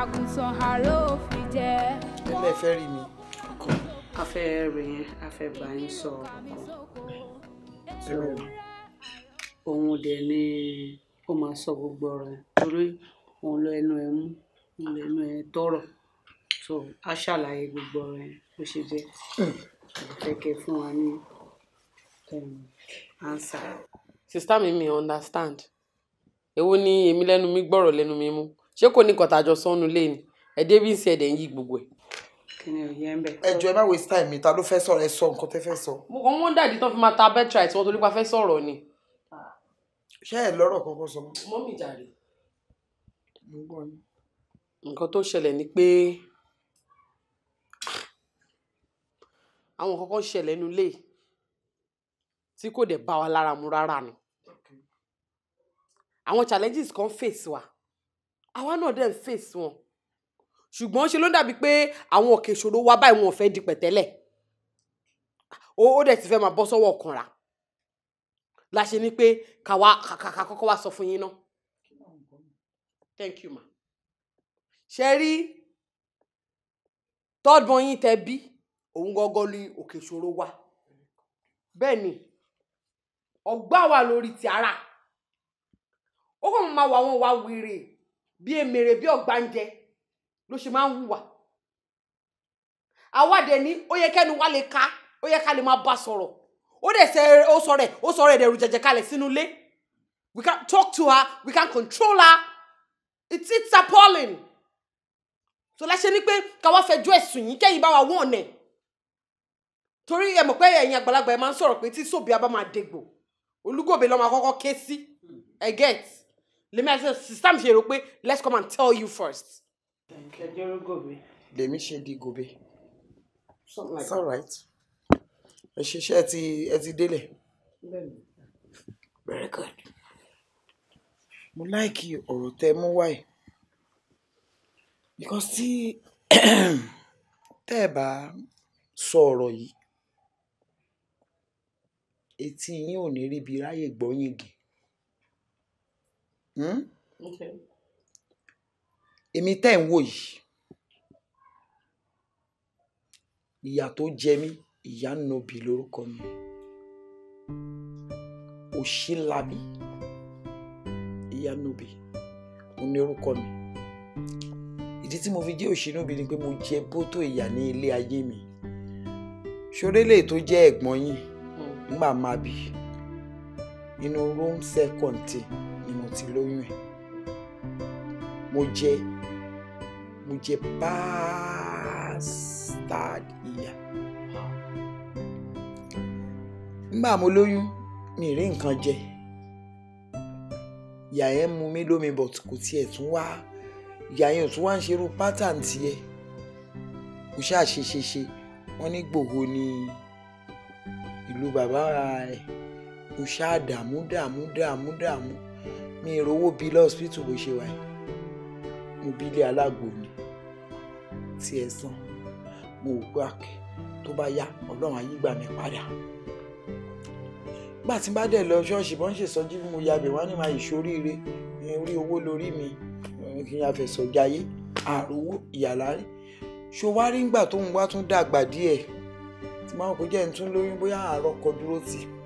Speaker 5: àgùntàn àrò òfin jẹ.
Speaker 3: a fẹ́ a fẹ́ bá yín sọ̀rọ̀ kan. òun dẹ̀ ni ó máa sọ gbogbo ọ̀rọ̀ torí òun lọ ẹnu ẹ̀ mú òun lọ ẹnu ẹ̀ tọrọ so a ṣàlàyé gbogbo ọ̀rọ̀
Speaker 2: yẹn bó ṣe jẹ́ kẹ̀kẹ́ fún wa ní ansa. sista mi mi understand èwo ni èmi lẹ́nu mi gbọ́rọ̀ lẹ́nu mi mú ṣé kò ní kọ̀tà sọ́nu lé ni ẹ̀dẹ́ bí ń ṣe ẹ̀dẹ̀ ń yí gbogbo ẹ̀. ẹjọ ẹ má waste time mi ta ló fẹ́ sọ̀rọ̀ ẹ sọ nǹkan tẹ́ fẹ́ sọ.
Speaker 3: mo kàn wọ́n dàdí tán fi máa ta bẹ́tìrì tí wọ́n torí pa fẹ́
Speaker 2: sọ̀rọ̀ ni. ṣé ẹ lọ́rọ̀ kankan sọ. mọ́mì jàre. nǹkan tó ṣẹlẹ̀ ni pé àwọn kankan ṣẹlẹ̀ nulẹ̀ tí kò dẹ̀ bá wa lára mu rárá ni àwọn challenges kan face wa
Speaker 3: àwa náà dẹ̀ ń face wọn ṣùgbọ́n ṣe ló dàbí pé àwọn òkè ìṣòro wa báyìí wọn ò fẹ́ di pẹ̀tẹ́lẹ̀ ó dẹ̀ ti fẹ́ máa bọ́ sọ́wọ́ ọ̀kanra la ṣe ni pé kàwa kàkà kọ́kọ́ wa sọ fún yín náà
Speaker 2: thank you ma ṣe rí tọ́dún yín tẹ bí òun gọ́gọ́ lu òkè ìṣòro wa bẹ́ẹ̀ ni ọgbà wà lórí ti ara ó kàn máa wà àwọn ìwà wèrè
Speaker 3: bí èmèrè bí ọ̀gbáǹjẹ ló ṣe máa ń hùwà àwádẹ ní ó yẹ kẹ́nu wá lè ká ó yẹ ká lè máa bá sọ̀rọ̀ ó dẹ̀ sẹ ó sọ rẹ̀ ó sọ rẹ̀ dẹ̀rù jẹ̀jẹ̀ kalẹ̀ sínú ilé we can talk to her we can control her it's it's appalling so láṣẹ ni pé káwá fẹjọ́ ẹ̀sùn yìí kẹ́yìn bá wa wọ́n ọ̀nẹ̀ torí ẹ mọ̀ pé ẹ̀yin àgbàlagbà ẹ máa ń sọ̀rọ̀ pé tí sóbì abá máa dégbò olúgòbè ló máa ké sí ẹ lèmi àti sísá mi ṣe rò pé let's come and tell you first. ṣèjọrọ gòbè.
Speaker 2: lèmi ṣe di gòbè. something like that. it's alright. ẹ ṣiṣẹ́ ẹ ti ẹ ti délẹ̀. very good. mo láìkí ọ̀rọ̀ tẹ mú wáyé because tí tẹ́ ẹ bá sọ ọ̀rọ̀ yìí etí yín ò ní ríbi ráyè gbọ́ yín gé. Hmm? èmi tẹ́ ń wò yìí ìyà tó jẹ mí ìyá nobì lórúkọ mi òṣìlábí ìyá nobì òní orúkọ mi ìdí tí mo fi jẹ́ òṣìnúbi ni pé mo jẹ bótó ìyà ní ilé ayé mi ṣorélè tó jẹ́ ẹ̀gbọ́n yín hmm. nígbà máa bì inú room self contained ti lóyún ẹ̀ mo jẹ mo jẹ bastard ìyà nígbà mo lóyún mi rí nǹkan jẹ ìyá yẹn mu mí lómi but kò tiẹ̀ tún wá ìyá yẹn ò tún wá ń ṣerú pattern tiẹ̀ kò ṣáà ṣe ṣe ṣe wọ́n ní gbòho ni ìlú bàbá ẹ̀ kò ṣáà dààmú dààmú dààmú dààmú mi ìrówó bíi lọ́sibítù bó ṣe wà yìí mo bí ilé alágbo ni tí ẹ san mo wò pé àkè tó bá yá ọlọ́run ayé gbà mí padà gbà tí n bá dẹ̀ lọ ṣọ́ọ̀ṣì bọ́n ṣe sọ́jí bí mo yabẹ̀ wá ní máa ìṣoríire orí owó lórí mi kí n àfẹ̀sọ̀ jayé àròwó ìyàlárí ṣòwárí ńgbà tóun wá tún dàgbà díẹ̀ tí máa kó jẹ́ ń tún lóyún bóyá àárọ̀ kọ dúró tì í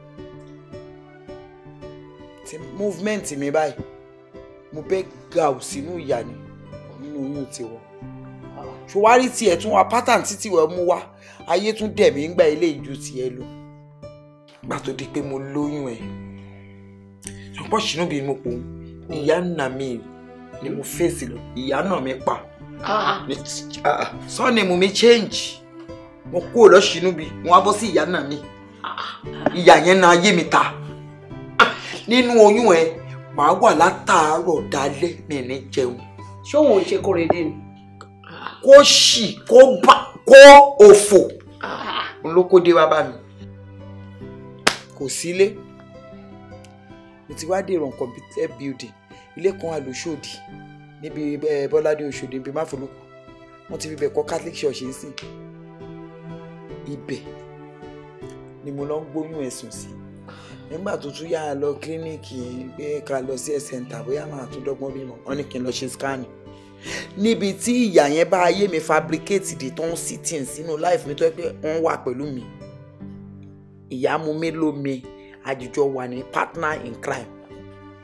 Speaker 2: tí movement mi báyìí mo bẹ́ gàù sínú ìyá ni nínú oyún tiwọn ṣùwárí tiẹ̀ tún wá pátán títí wẹ̀ mú wá ayé tún dẹ̀ mí ń gba ilé ìjù tiẹ̀ lọ gbà tó di pé mo lóyún ẹ̀ ṣùgbọ́n ṣìnú bí mo pò ń ìyá nà mí ni mo fèsì lọ ìyá nà mí pa ah. ah. sọ́ọ̀nì mo mi change mo kúrò lọ́ṣìnú bí wọ́n á bọ́ sí ìyá nà mí ah. ìyá yẹn na ayé mi ta nínú oyún ẹ màá wà látàárọ̀ dalẹ́ mi ní jẹun. ṣóhun ṣe kórede ni. kó ṣì kó bá kó òfò olókóde wá bá mi kò sílé mo ti wá dèrò computer building ilé kan wà lóṣòdì níbi eh, bọ́ládé Òṣòdì níbi máfolókù wọ́n ti fi bẹ̀ kọ́ Catholic Church ń sìn ibẹ̀ ni mo lọ ń gbóyún ẹ̀sùn sí i nígbà tó tún yá a lọ kílíníìkì pé ká lọ sí health center bóyá màá tún dọ́gbọ́n bímọ wọn ní kí n lọ ṣe scan níbi tí ìyá yẹn bá ayé mi fabricate the turn sitting sínú life mi tó yẹ pé wọ́n wà pẹ̀lú mi ìyá mu mi ló mi àjùjọ wà ní partner in crime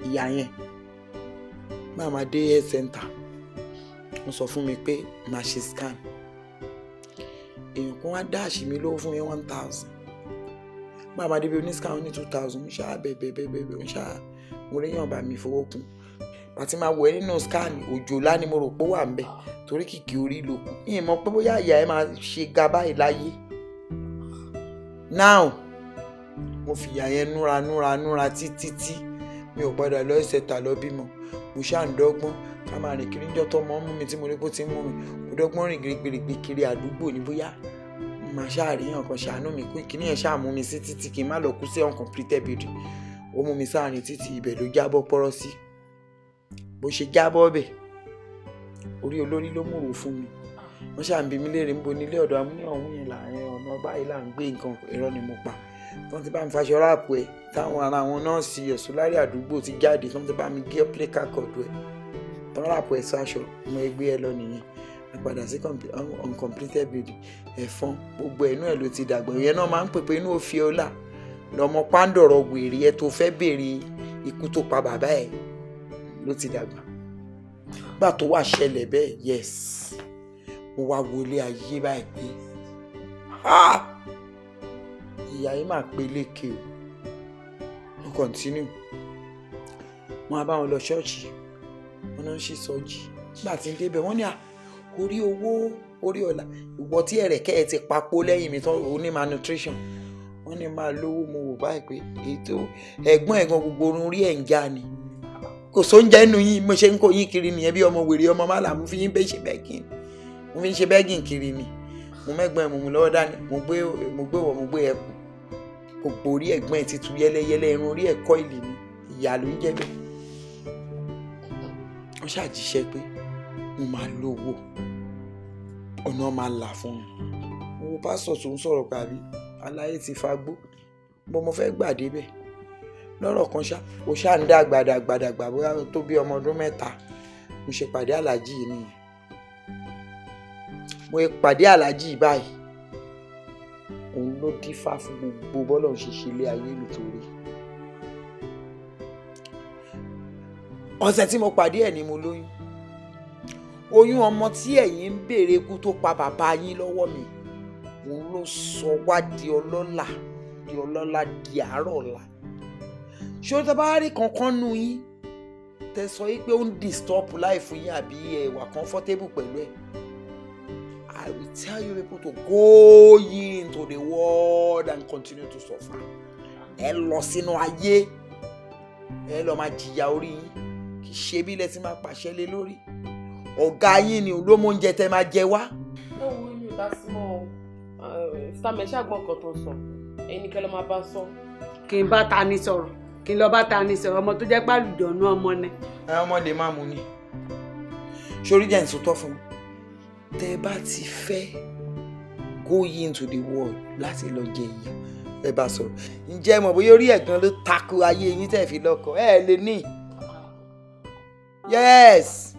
Speaker 2: ìyá yẹn màmá dé health center wọ́n sọ fún mi pé màá ṣe scan èèyàn kan wá dáàṣì mi lówó fún mi one thousand gbà bá débi oníṣìkà ó ní two thousand ń ṣáà bẹ̀bẹ̀ bẹ̀bẹ̀ ń ṣáà mo rí yàn bá mi fowó kún àti máa wọ ẹ nínú scan, òjòlá ni mo rò pé ó wà ń bẹ torí kìkì orí ló kù ní ìmọ̀ pé bóyá ìyá ẹ máa ṣe ga báyìí láyé now mo fìyà yẹn núra núra núra títí mi ò padà lọ ẹsẹ̀ tà lọ bímọ mo ṣáà ń dọ́gbọ́n ká máa rìn kiri níjọ́ tó mọ́ mú mi tí mo rí bó ti mú mi mo dọ́gbọ́n rìn gbèrègbèrè kiri àdúgbò ní bóyá màá ṣáà rí nǹkan ṣàánú mi kíní yẹn ṣáà mú mi sí títí kí n má lọ kú sí uncompleted building ó mú mi sáàrin títí ibẹ̀ ló jábọ́ pọ́rọ́ sí bó ṣe jábọ́ bẹ̀ orí olórí ló múrò fún mi wọ́n ṣáà ń bi mí léèrè ń bo nílé ọ̀dọ̀ amúnì ọ̀hún yẹn láàrin ọ̀nà báyìí là ń gbé nǹkan irọ́ ni mo pa wọ́n ti bá mi faṣọ ráàpù ẹ̀ táwọn ara wọn nọ́ọ̀sì ọ̀ṣunlárí àdúgbò ti jáde tí ti bá mi gé plékà kọ̀dù ẹ̀ tán ráàpù ẹ̀ sáṣọ mo ẹgbẹ́ ẹ lọ nìyẹn padà sí uncompleted building ẹ̀fọn gbogbo ẹ̀nú ẹ̀ ló ti dàgbà ìyẹn náà máa ń pè pé inú òfin ọlá lọmọ pàǹdọ̀rọ̀ wèrè ẹ tó fẹ́ béèrè ikú tó pa bàbá ẹ̀ ló ti dàgbà gbà tó wà ṣẹlẹ̀ bẹ́ẹ̀ yes mo wá wọlé ayé báyìí pé ìyá yìí máa pe lékè o mo continue wọn á bá wọn lọ ṣọ́ọ̀ṣì wọn náà ń ṣe sọ́ọ̀jì nígbà tí ń débẹ̀ wọ́n ní à orí owó orí ọ̀la ìwọ tí ẹ̀rẹ̀kẹ́ ẹ ti papò lẹ́yìn mi tán oní malnutrition wọ́n ní máa lówó mo wò báyìí pé ètò ẹ̀gbọ́n ẹ̀gbọ́n gbogbo orun orí ẹ̀ ń já ni kò sóúnjẹ nínú yín mo ṣe ń kó yín kiri nìyẹn bí ọmọ wèrè ọmọ mọ́là mo fi yín bẹ́ẹ̀ ṣe bẹ́ẹ̀gìn mo fi ń ṣe bẹ́ẹ̀gìn kiri ni mo mẹ́gbọ́n ẹ̀ mo mú lọ́wọ́ dání mo gbé wọ̀ mo gbé ẹ̀kú gbogbo orí ẹ̀gbọ́n ẹ̀ ti tu yẹ́lẹ́yẹ́lẹ́ irun orí ẹ̀ kọ́ ìlì ni ìyá ló ń jẹ́ bẹ́ẹ̀ wọ́n ṣàjíṣẹ́ pé mo máa lówó ọ̀nà máa là fún un wo pásítọ̀ tó ń sọ̀rọ̀ pàbí aláyé ti fa gbó bọ́ mo fẹ́ gbà débẹ̀ lọ́rọ̀ kan ṣá o ṣá ń dá gbàdàgbàdàgbà bóyá tó bí ọmọ ọdún mẹ́ta mo ṣe pàdé aláàjì yìí nìyẹn mo pàdé aláàjì yìí báyìí òun ló dífá fún gbogbo bọ́lọ̀ ṣe ṣe ilé ayé mi torí. ọ̀sẹ̀ tí mo pàdé ẹ̀ ni mo lóyún oyún ọmọ tí ẹ̀yin ń béèrè ikú tó pa bàbá yín lọ́wọ́ mi òun ló sọ wá di ọlọ́lá di ọlọ́lá di àárọ̀ ọ̀la ṣé o tábà rí kankan nu yín tẹ sọ yìí pé ó ń disturb life fún yín àbí ẹ comfortable pẹ̀lú ẹ̀ I will tell you people to go into the world and continue to suffer ẹ lọ sínú ayé ẹ lọ máa jìyà orí yín kì í ṣe bí lẹ́sìn máa pàṣẹ lé lórí ọ̀gá yín ni ló mọ oúnjẹ tẹ máa jẹ wá. ẹ wo mi ò bá sí mọ
Speaker 3: sàmì ẹṣẹ àgbọn kan tó sọ ẹni kẹlẹ máa bá sọ.
Speaker 2: kì í bá ta ni
Speaker 3: sọ̀rọ̀ kì í lọ bá ta ni sọ̀rọ̀ ọmọ tó jẹ́ pàlùdọ̀nù ọmọ ni. ẹ ọmọ lè máa mú ni
Speaker 2: sórí jẹ́ ìsòtọ́ fún mi tẹ bá ti fẹ́ go into the world láti lọ jẹ èèyàn ẹ bá sọ̀rọ̀ ǹjẹ́ mọ̀ bóyá orí ẹ̀gán ló tako ayé yín tẹ̀ fi lọ́kọ̀ ẹ lè ní yes.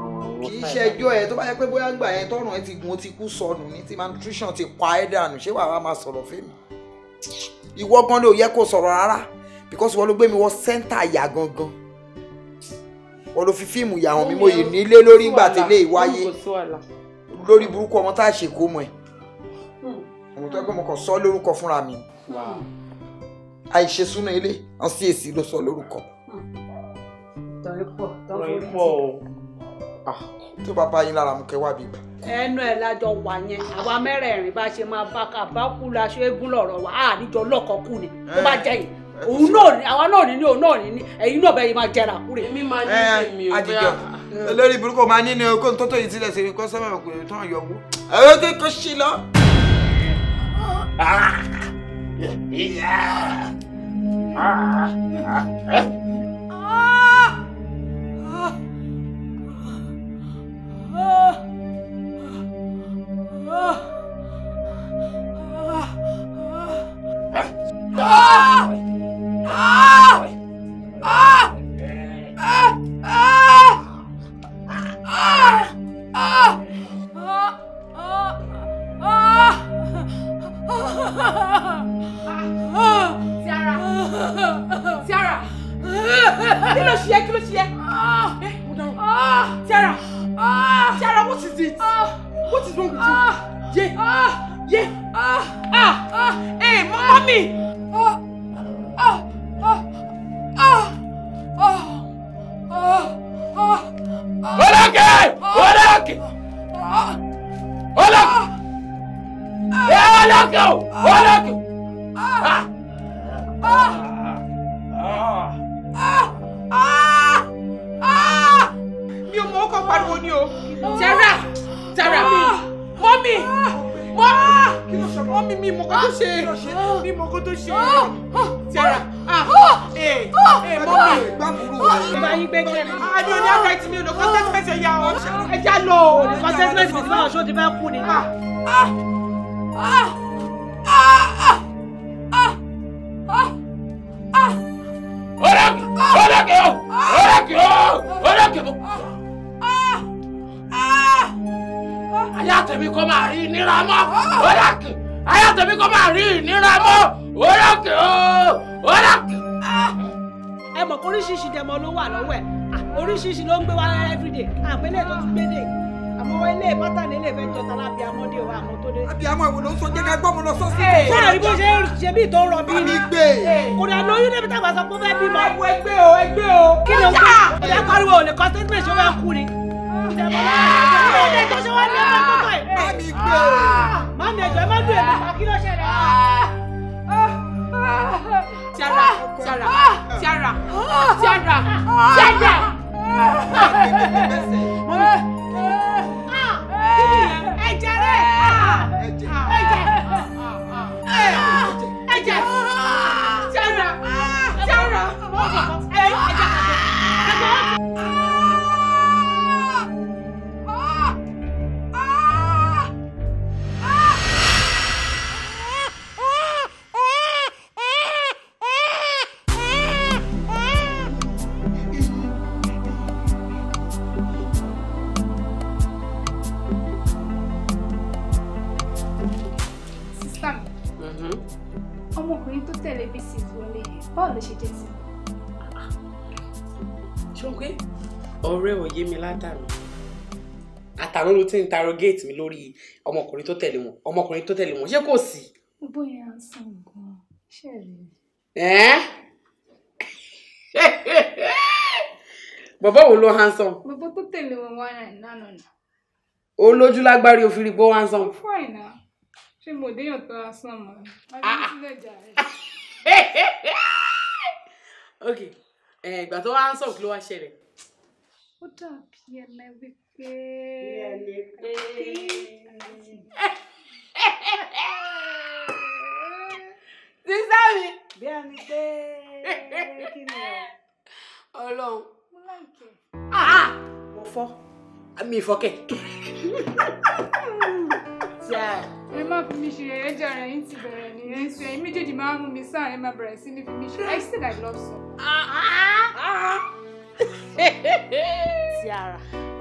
Speaker 2: kì í ṣẹjọ́ ẹ tó bá yẹ pé bóyá gbà yẹn tọ́rùn ẹ ti gun ti kú sọnù ní ti malnutrition ti pa ẹ́ dànù ṣé wàá máa sọ̀rọ̀ fẹ́mi ìwọ gan ló yẹ kó sọ̀rọ̀ rárá because wọ́n ló gbé mi wọ sẹ́ńtà yà gangan wọ́n ló fi fíìmù yà wọ́n mi mo yìí nílé lórí ìgbà tẹ́lẹ̀ ìwáyé lórí burúkú ọmọ tá a ṣe kó mọ ẹ ọmọ tó yẹ pé mo kàn sọ lórúkọ fúnra mi àìṣe súná ilé wọn sí èsì ló sọ lórúkọ. tọ́rí pọ̀ tọ́rí pọ̀ o tí ó yín lára mu kẹ́ wá bí gbà.
Speaker 3: ẹnu ẹ lájọ wà yẹn àwa mẹ́rẹ̀ẹ̀rin bá ṣe máa bá ká bá kú la ṣe é gún lọ́rọ̀ wa á níjọ lọkọ kú ni tó bá jẹ yìí òun náà ní àwa náà ní ní òun náà ní ní ẹ̀yin náà bẹ yìí máa jẹrà kúrè. èmi máa ní èmi
Speaker 2: ò bẹ́ẹ̀ olórí burúkú máa ní ní tó tó yìí sílẹ̀ sí kó sẹ́wọ̀n ọkùnrin tó ń yọ owó ẹ̀rọ tó kọ́ sí lọ. Yeah.
Speaker 4: Ah!
Speaker 3: bíi tó ń rọ bíi ni kò dà lóyún débi tàgbà sọ pé ó fẹ́ bímọ. ẹgbẹ́ ẹgbẹ́ o ẹgbẹ́ o. kí ló ń kọ́ ọ fẹ́ pariwo ò lè kọ́ statement ṣé ó fẹ́ kú ni. Mami gbé
Speaker 5: o. Mami ẹ̀jọ̀ ẹ má lù èmi pa kí ló ṣẹlẹ̀. Tiara Tiara Tiara Tiara Tiara.
Speaker 3: dà mí àtàwọn ló ti ń tarogate mi lórí ọmọkùnrin tó tẹ̀lé wọn ọmọkùnrin tó tẹ̀lé wọn ṣé kò sí.
Speaker 5: bóyá a sàn gan ṣe
Speaker 3: ẹ bọ̀bọ̀ wo ló handsome.
Speaker 5: bọ̀bọ̀ tó tẹ̀lé wọn wá náà nà.
Speaker 3: ó lójú lágbárí òfin gbó handsome.
Speaker 5: fine na ṣé mo déyàn tó handsome mọ́ àbí ah, ah. sílẹ̀ jà rẹ̀.
Speaker 3: ok ìgbà tó handsome kí ló wá ṣẹlẹ̀
Speaker 5: ó dàbí ẹni wípé ẹni pé sísá mi.
Speaker 3: bí ẹni pé kí ni ọ. Ọlọ́run. mo
Speaker 5: láìpẹ. Ah, ah. mo fọ mi ìfọkẹ. ẹ má fi mi ṣe yẹ̀yẹ́ jàre yín ti bẹ̀rẹ̀ nìyẹn sí ẹ̀yin méjèèjì máa ń mú mi sáà ẹ má bẹ̀rẹ̀ sí ní fi i said i love you. ti ara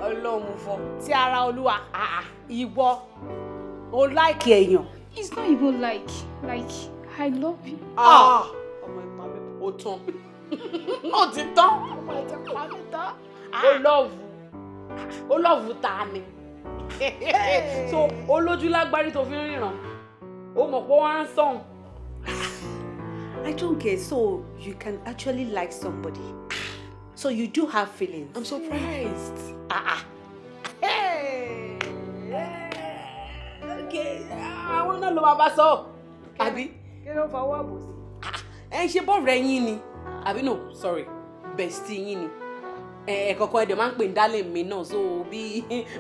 Speaker 5: ọlọ́run mo fọ. ti ara olúwa ah, ah. ìwọ o like èèyàn. it's not even like like i love you. Ah. ọmọ ìpa mi ò tán ó ti tán ọmọ ìpa mi tán
Speaker 3: ó lọ́ọ̀vù ó lọ́ọ̀vù ta ni so olójú lágbárí tó fi ń ríran ó mọ̀ pé wọ́n á ń sàn. I don't get so you can actually like somebody. So you do have feelings. I'm surprised. Ah ah. Hey. Okay. I ah, wanna ló máa bá Abi. Get Kí ló fa owó àbòsí? Ah, ah. Ẹ ṣe bọ́ọ̀rẹ́ yín ni. Àbí no sorry bestie yín ni. Ẹ̀ẹ̀kọ̀kan ẹ̀dẹ̀ máa man pè ń dálé mi náà so bí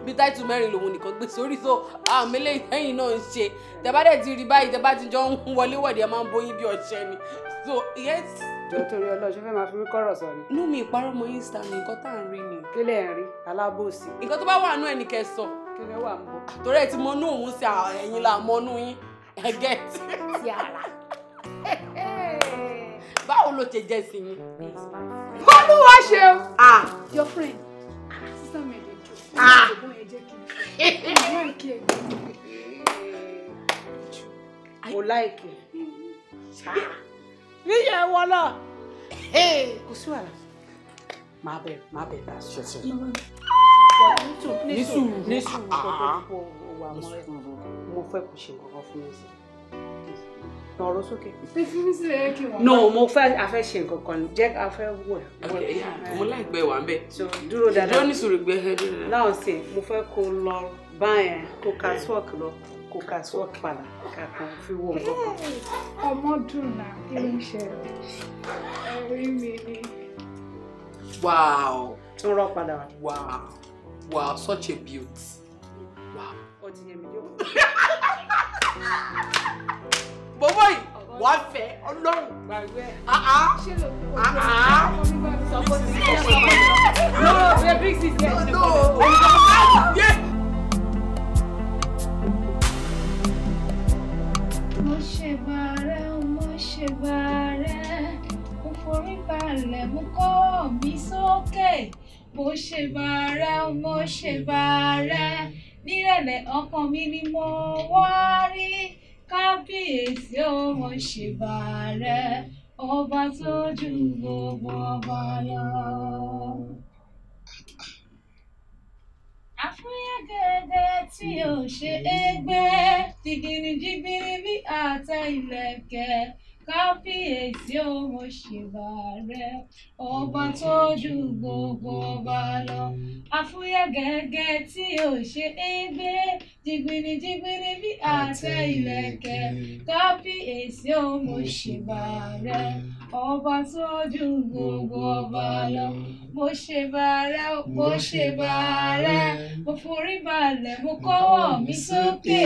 Speaker 3: bí táìtù mẹ́rin lòun nìkan gbé sórí so àmì lẹ́yìn ẹ̀yìn náà ń ṣe. Tẹ̀bá dẹ̀ ti rí báyìí tẹ̀bá ti jọ ń wọléwọ̀de ẹ̀ máa ń bóyín bí ni. So yes jọ torí ọlọ́ṣẹ́ fẹ́ máa fi mí kọ́rọ̀ sọ ni. inú mi ìparọ́ mọ
Speaker 5: insta ni nǹkan tá à ń
Speaker 3: rí ni. kí lẹ̀ ń rí alábòsí. nǹkan tó bá wà nú ẹnì kẹsàn. kí lẹ wà ń bọ̀. Ah, ẹ ti mọnú òun sí ah, ẹ̀yin là mọnú yín ẹ̀gẹ́ ti. ti ara. báwo ló ṣe jẹ́ sí yín. olúwa ṣeun. ah your friend
Speaker 5: ah, sísá mi lè jọ ṣùgbọ́n ẹ jẹ́ kí n fẹ́ ẹ̀ láìkí
Speaker 3: ẹ̀ gbọ́n. mo níyẹn wọ lọ kò sí wàhálà máa bẹ máa bẹ bá a ṣe ṣe.
Speaker 5: ní ah.
Speaker 3: sùúrù mo fẹ́ kó ṣe nǹkan fún mi sí
Speaker 5: sókè.
Speaker 4: no
Speaker 3: mo fẹ́ a fẹ́ ṣe nǹkan kan jẹ́ a fẹ́ wọ mo láì gbẹ wà ń bẹ. dúró dáadáa lọ́nìṣòro gbẹ. náà sì mo fẹ́ kó lọ báyẹn kó ka twerk lọ kó ka sọ́ọ̀kì padà ká kan fi wọ̀ ọ́.
Speaker 5: ọmọ dùn náà kí ló ń ṣẹlẹ̀ orí mi ni.
Speaker 3: wow tún
Speaker 2: rọ padà wá. wow wow such a beauty. wow. ó ti yẹ mi yóò.
Speaker 3: bọ́bọ́ yìí wàá fẹ́ ọlọ́run. gbàgbé ṣé ló kú ọjọ́
Speaker 5: sọ fún mi. no baby sisi ẹ̀ ṣe kọ́ mi. balẹ̀ mú kọ́ mi sókè mo ṣe bàárẹ̀ mo ṣe bàárẹ̀ nírẹ̀lẹ̀ ọkàn mi ni mo wá rí kábíyèsí ó mo ṣe bàárẹ̀ ọba tó ju gbogbo ọba lọ. àfúyẹ́ gẹ́gẹ́ tí ò ṣe é gbé jìgìrì bí àtẹ ìlẹ̀kẹ̀ kábíyèsí o mo ṣèbà rẹ ọba tó ju gbogbo ọba lọ afúyẹ́ gẹ́gẹ́ tí o ṣe é gbé jìgbìnì jìgbìnì bí àtẹ ìlẹ̀kẹ̀ kábíyèsí o mo ṣèbà rẹ ọba tó gbogbo ọba lọ mo ṣèbà rẹ mo ṣèbà rẹ mo forí balẹ̀ mo kọ́wọ́ mi sókè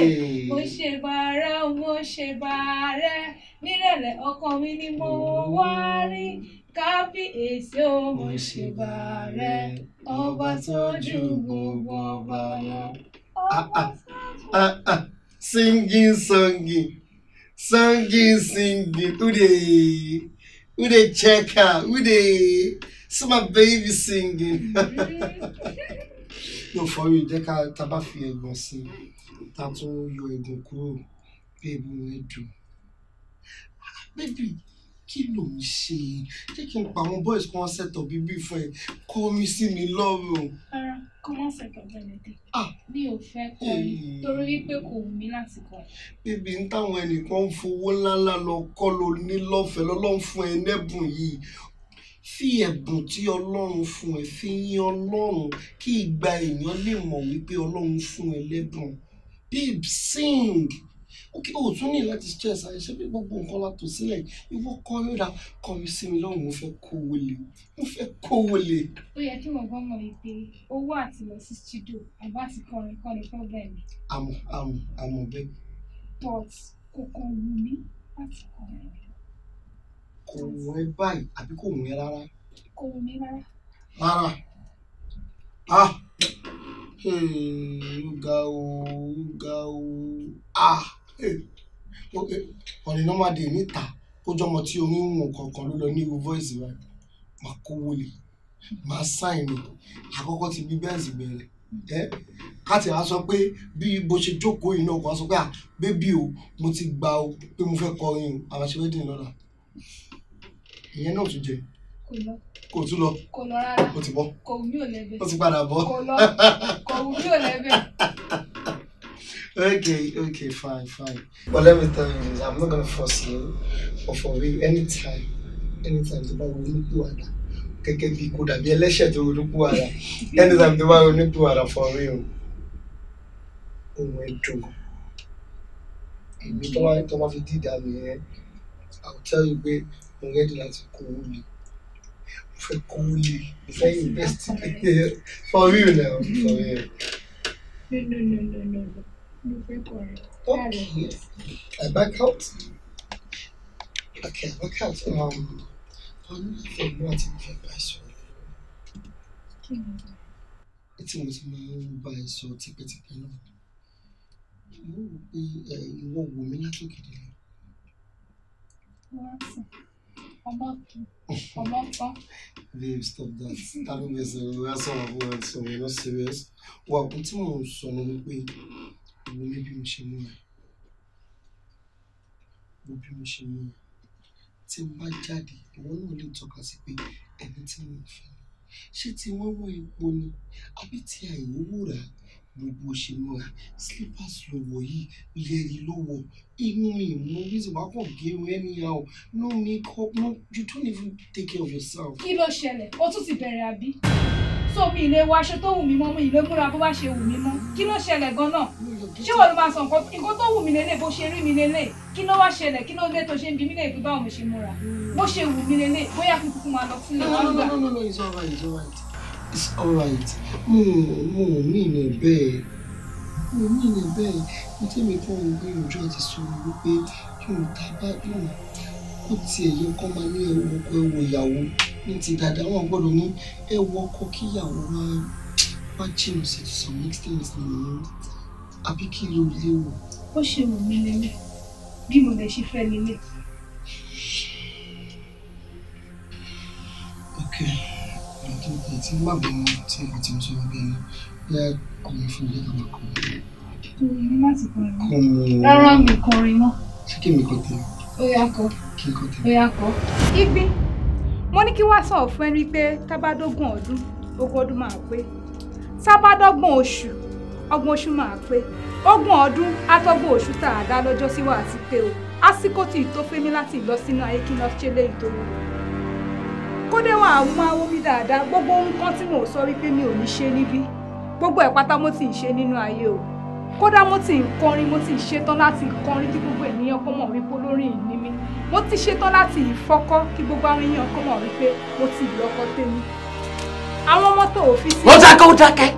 Speaker 5: mo ṣèbà rẹ mo ṣèbà rẹ nírẹ̀lẹ̀ ọkàn mi ni mo wá rí kábíyèsí o mo rẹ ọba tó gbogbo ọba lọ. Ah, ah,
Speaker 2: ah, singing songing songing singing who dey who dey check her who dey see my baby singing. no for real jẹ́ ká tá a bá fi ẹ̀gbọ́n sí i tá a tún yọ ẹ̀gbọ́n kúrò bí ebi rẹ̀ dùn bébì kí ló ń ṣe jẹ́ kí n pa àwọn boys kan ṣètò bíbí fún ẹ kọ́ mi sí mi lọ́rùn.
Speaker 5: rárá kó má ṣètò bẹ́ẹ̀ ah. mi ò fẹ́ kọ́ torí wípé kò wù mí láti kọ́.
Speaker 2: bébì ń táwọn ẹnìkan ń fowó ńláńlá lọ kọ́ ló ní lọ́fẹ̀ẹ́ lọ́lọ́run fún ẹ nẹ́bùn yìí fi ẹ̀bùn tí ọlọ́run fún ẹ fi yìn ọlọ́run kí ìgbà èèyàn lè mọ̀ wípé ọlọ́run fún ẹ lẹ́bùn babe sing òkè ò tún ní láti stress ayé ṣe bí gbogbo nǹkan la tò sílẹ̀ ìwọ kọ́ yóò dá kọrin sí mi lọ́rùn mo fẹ́ kó wọlé mo fẹ́ kó wọlé.
Speaker 5: ó yẹ kí wọn gbọ́ mọ̀ mi pé owó àti lọ sí studio àbá ti kọrin kọrin problem.
Speaker 2: àmọ́ àmọ́ àmọ́ bẹ́ẹ̀.
Speaker 5: but kò kàn wù mí láti kọrin.
Speaker 2: kò wù ẹ́ báyìí àbí kò wù ẹ́ rárá.
Speaker 5: kò wù mí rárá.
Speaker 2: rárá ah hmm, ó ga o ó ga o ah ọ̀nì eh, normal day níta kójọ́mọ tí omi ń wọ̀n kọ̀ọ̀kan ló lọ ní irú voice rẹ̀ máa kó wọlé máa sáìnì àkọ́kọ́ ti bí bẹ́ẹ̀sì bẹ̀rẹ̀ ẹ eh, káàtì á sọ pé bí bó ṣe jókòó yìí náà kò á sọ pé à ah, bébí o mo ti gbà o pé mo fẹ́ kọrin o àbàṣe wedding lọ́la ìyẹn náà tún jẹ kò tún lọ
Speaker 5: kò lọ rárá o ti bọ́ kò wú mi
Speaker 4: o ti padà bọ́ kò lọ kò wú mi
Speaker 2: okay, okay, fine, fine. But let me tell you this, I'm not gonna force you or for you anytime, anytime tó bá wo nípò àdá gẹ́gẹ́ bí kò dàbí ẹlẹ́ṣẹ̀ tó wo nípò àdá anytime tó bá wo nípò àdá for real ohun ẹ̀dùn èmi tó máa tó máa fi dídà nìyẹn I will tell you pé mo rẹ́dí láti kó owó le mo fẹ́ kó owó le mo fẹ́ investigate for real now for real.
Speaker 4: No, no, no, no, no. Okay.
Speaker 2: I uh, back out. Okay, back out. Um, one thing what if I buy so? It's almost my own buy so ticket again. Mo wò pé ìwọ wò mí látòkèdè lọ.
Speaker 5: Ọmọ kan, ọmọ kan.
Speaker 2: Babe, stop that. Tàbí bẹ̀sẹ̀ ló wá sọ̀rọ̀ fún ẹ̀ sọ̀rọ̀ lọ serious. Wà kú tí mò ń sọ ni wípé wo mi bí mo ṣe mú ẹ wo bí mo ṣe mú ẹ tí n bá jáde ìwọ náà lè tọ́ka sí pé ẹni tí mo fẹ́ ṣé tí wọ́n wọ epo ni àbí tí àìwúwò rà gbogbo ṣe múra slippers ló wọ yìí yẹ̀rì ló wọ inú mi mú reason wà pọ̀ gẹ́rù anyhow no make up no you don't even take care of yourself.
Speaker 5: kí ló ṣẹlẹ̀ o tún ti bẹ̀rẹ̀ àbí so mi ilé wa aṣọ tó wù mí mọ́ mi ilé múra bó bá ṣe wù mí mọ́ kí ló ṣẹlẹ̀ gan-an ṣé wọ́n ló máa sọ nǹkan tó wù mí lélẹ̀ bó ṣe rí mi lélẹ̀ kí ló wá ṣẹlẹ̀ kí ló dé tó ṣe ń bi mí lè fi báwọn mo ṣe múra bó ṣe wù mí lélẹ̀ bóyá kí kúkú máa lọ sílé
Speaker 2: wọn gbà. no no no it's all it's alright. it's alright. right mo mo mi ní bẹ́ẹ̀ mo mi ní bẹ́ẹ̀ mo tẹ́ mi fún òun gbìyànjú àti sọ wípé yóò tábà yóò kó tiẹ̀ kó ní ti dàda wọn gbọ́dọ̀ ní ẹ wọ ọkọ kíyàwó wọn wá jìnnà sí to some extent nìyẹn àbí kí ló léwu.
Speaker 5: ó ṣe wù mí lélẹ̀ bí mo lè ṣe fẹ́ lélẹ̀.
Speaker 2: ok ọdún kan tí gbàgbọ́ wọn tí nǹkan tí mo sọ wọn bẹ́ẹ̀ ni ẹ kọ́ mi fún mi lọ́wọ́ kan.
Speaker 5: kò ní láti kọrin mọ́ rárá mi kọrin mọ́.
Speaker 2: ṣé kí mi kọ tẹ.
Speaker 5: ó yà kọ. kí n ó yà kọ. igbe mo ní kí wá sọ̀rọ̀ fún ẹni pé tábádọ́gbọ̀n ọdún ogún ọdún máa pé tábádọ́gbọ̀n oṣù ọgbọ̀n oṣù máa pé ogún ọdún atọ́gbọ̀n oṣù tá a dá lọ́jọ́ sí wa àti pé o àsìkò tí ì tó fẹ́ mi láti lọ sínú ayé kí n lọ ṣe léyìí tó wọ́n kódé wa àwọn máa wó mi dáadáa gbogbo ohun kan tí mò sọ wípé mi ò ní ṣe níbí gbogbo ẹ̀ pátá mo ti ń ṣe nínú ayé o kódà mo ti ń kọrin mo ti ń ṣetán láti kọrin kí gbogbo ènìyàn kó mọ̀ wípé olórin ìní mi mo ti ṣetán láti ìfọkọ́ kí gbogbo àwọn èèyàn kọ́ mọ̀ wípé mo ti lọ́kọ tèmi àwọn mọ́tò òfin sí. mo dákẹ́
Speaker 2: ó dákẹ́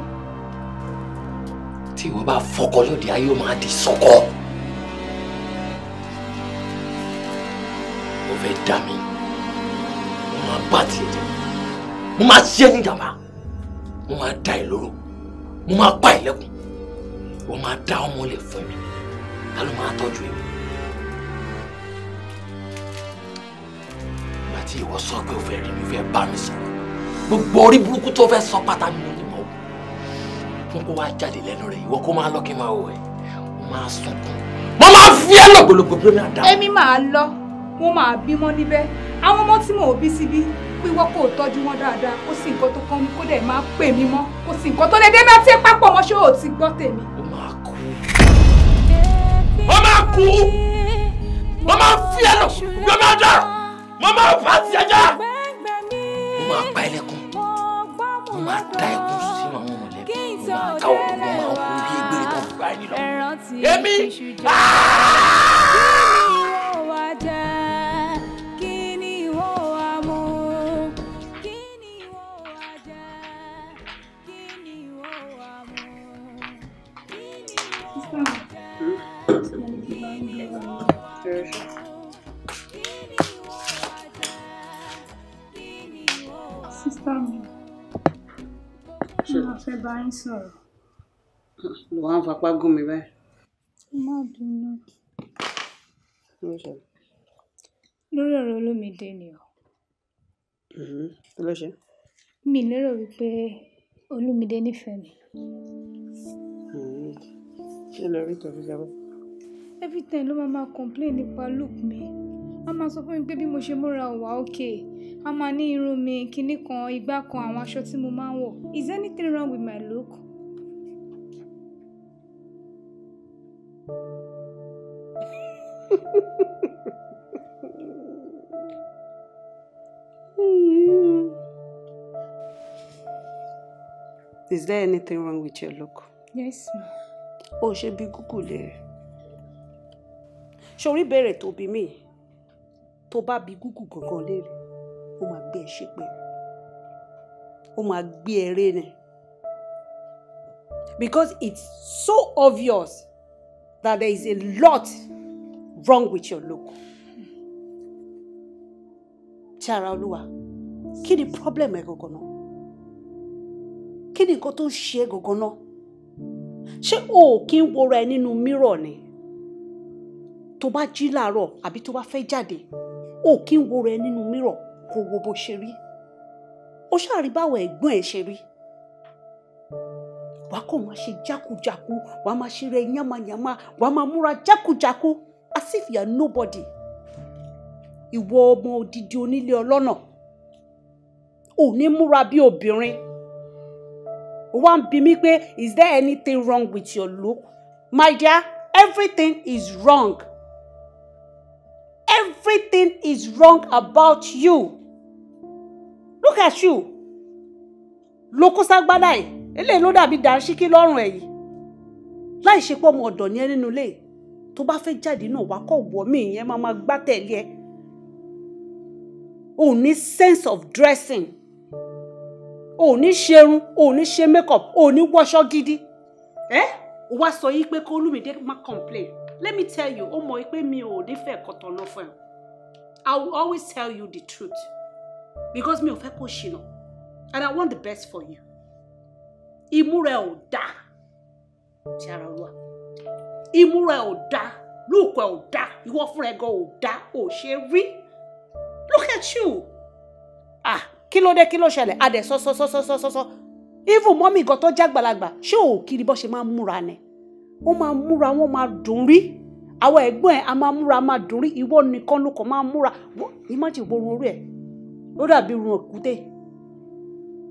Speaker 2: tí ìwọ bá fọkọ lóde ayé ó máa di sọkọ mo fẹ́ dà mí mo máa bá tiẹ̀ jẹ́ mo máa ṣiṣẹ́ ní ìjàmbá
Speaker 6: mo máa da ẹ̀ lóró mo máa pa ẹ̀ lẹ́kùn mo máa da ọmọ lẹ̀ fún mi
Speaker 2: ta ló máa tọ́jú ẹ̀mí. tí ìwọ sọ pé o fẹ́ rí mi fẹ́ bá mi sọ̀rọ̀ gbogbo orí burúkú tó fẹ́ sọ pátá mi ni mo fún kó wá jáde lẹ́nu rẹ̀ ìwọ kó máa lọ kí n máa wò ẹ́ o máa sunkún mo máa fi ẹ́ lọ̀gbọ̀lọ̀gbò bí omi àdá. èmi
Speaker 5: máa lọ wọn máa bímọ níbẹ̀ àwọn ọmọ tí mo ò bí síbí pé wọ́n kò tọ́jú wọn dáadáa kó sì nǹkan tó kán mi kó dẹ̀ máa pè mí mọ́ kó sì nǹkan tó dédé máa tẹ́ pápọ̀ mọ́ ṣé o ti gbọ́ tèmi. ó máa kú
Speaker 4: ó máa kú ó máa fi ẹ́ lọ bí omi àdá mo máa fà á sí ẹja mo máa pa ẹlẹ́kùn mo máa da ẹkùn sínú àwọn mọ̀lẹ́bí mo máa ká òkú mo máa kú bí egbèrè tó fún báyìí lọ
Speaker 3: èmi.
Speaker 5: Ah! fẹ́ bá yín sọ̀rọ̀.
Speaker 3: ló wá ń fapá gún mi báyìí.
Speaker 5: má bínú. lórí ọ̀rọ̀ olómìnira ni o.
Speaker 3: kí mm-hmm. ló ṣe.
Speaker 5: mi lérò wípé olómìnira nífẹ̀ẹ́ mi.
Speaker 6: Mm-hmm. ṣé lórí tòun jábọ́.
Speaker 5: every time ló máa máa complain nípa look mi wọ́n máa sọ fún mi pé bí mo ṣe múra ò wá okay a máa ní irun mi kinní kan igbá kan àwọn aṣọ tí mo máa ń wọ̀ is anything wrong with my look?
Speaker 3: Is there anything wrong with your look?
Speaker 5: Yes, ma. O ṣe bí
Speaker 3: gúgù lè rẹ̀. Ṣorí bẹ̀rẹ̀ tó bí mi, tó bá bí gúgù gangan lè rẹ̀ gbé ẹ ṣépè ó máa gbé ẹ ré ni because it's so obvious that there is a lot wrong with your look ti ara olúwa kí ni problem ẹ gangan náà kí ni nǹkan tó ń ṣe ẹ gangan náà ṣé o ò kí ń wora ẹ nínú mírọ̀ ni tó bá jí láàárọ̀ àbí tó bá fẹ́ jáde o ò ń wora ẹ nínú mírọ̀ kó wo bó ṣe rí ó ṣàrí báwọn ẹ̀gbọ́n ẹ̀ ṣe rí wàá kàn máa ṣe jákujàku wàá máa ṣe yánmayànmá wàá máa múra jákujàku as if you are nobody ìwọ ọmọ odidi onílé ọlọ́nà ò ní múra bí obìnrin ó wá ń bi mí pé is there anything wrong with your look my dear everything is wrong everything is wrong about you. Look at you. Lo kó ságbádá yìí, eléyìí ló dàbí dànsíkí lọ́rùn ẹ̀yìn. Láì ṣe pé ọmọ ọ̀dọ̀ ni ẹ nínú ilé tó bá fẹ́ jáde náà wá kọ̀ wọ́ mí ìyẹn máa máa gbá tẹ̀lé ẹ. O ní sense of dressing. O ní ṣerun, o ní ṣe makeup, o ní wọṣọ gidi. Ẹ́ o wá sọ yí pé kó Olúmídé má complain. Let me tell you, ó mọ̀ pé mi ò ní fẹ́ kọ̀tọ̀ náà fún ẹ. I will always tell you the truth because me ò fẹ́ kó and I want the best for you. Imure rẹ ò dáa ti ara olúwa. Imú rẹ ò dáa lóòkọ̀ ò dáa ìwọ fúnra ẹ̀ gan ò dáa ò ṣe Look at you. Ah kí ló dé kí ló ṣẹlẹ̀ adẹ̀ sọ́sọ́sọ́sọ́sọ́sọ́ even mommy gan tó jágbàlagbà Show ò kiri bọ́ ṣe máa ń múra ni wọ́n máa ń múra wọ́n máa àwọn ẹ̀gbọ́n ẹ̀ a máa múra máa dùn rí ìwọ nìkan ló kàn máa múra ìmájì ìwòrun orí ẹ̀ ó dàbí irun òkúté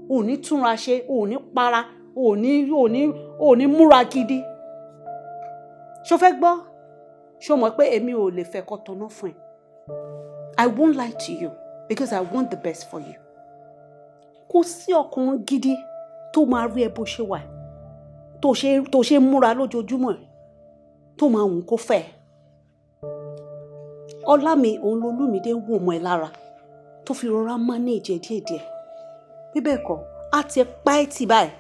Speaker 3: ò ní túnra ṣe ò ní para ò ní ò ní ò ní múra gidi ṣó fẹ́ gbọ́ ṣó mọ̀ pé èmi ò lè fẹ́ kọ́ tọ́nà fún ẹ I won't lie to you because I want the best for you kò sí ọkùnrin gidi tó máa rí ẹ bó ṣe wà tó ṣe múra lójoojúmọ́ ẹ tó máa wù kó fẹ́ ọlá mi òun lolúmídé wò mọ́ ẹ lára tó fi rọra manage ẹ díẹ̀díẹ̀ bí bẹ́ẹ̀ kọ́ á ti pa ẹ́ tì báyìí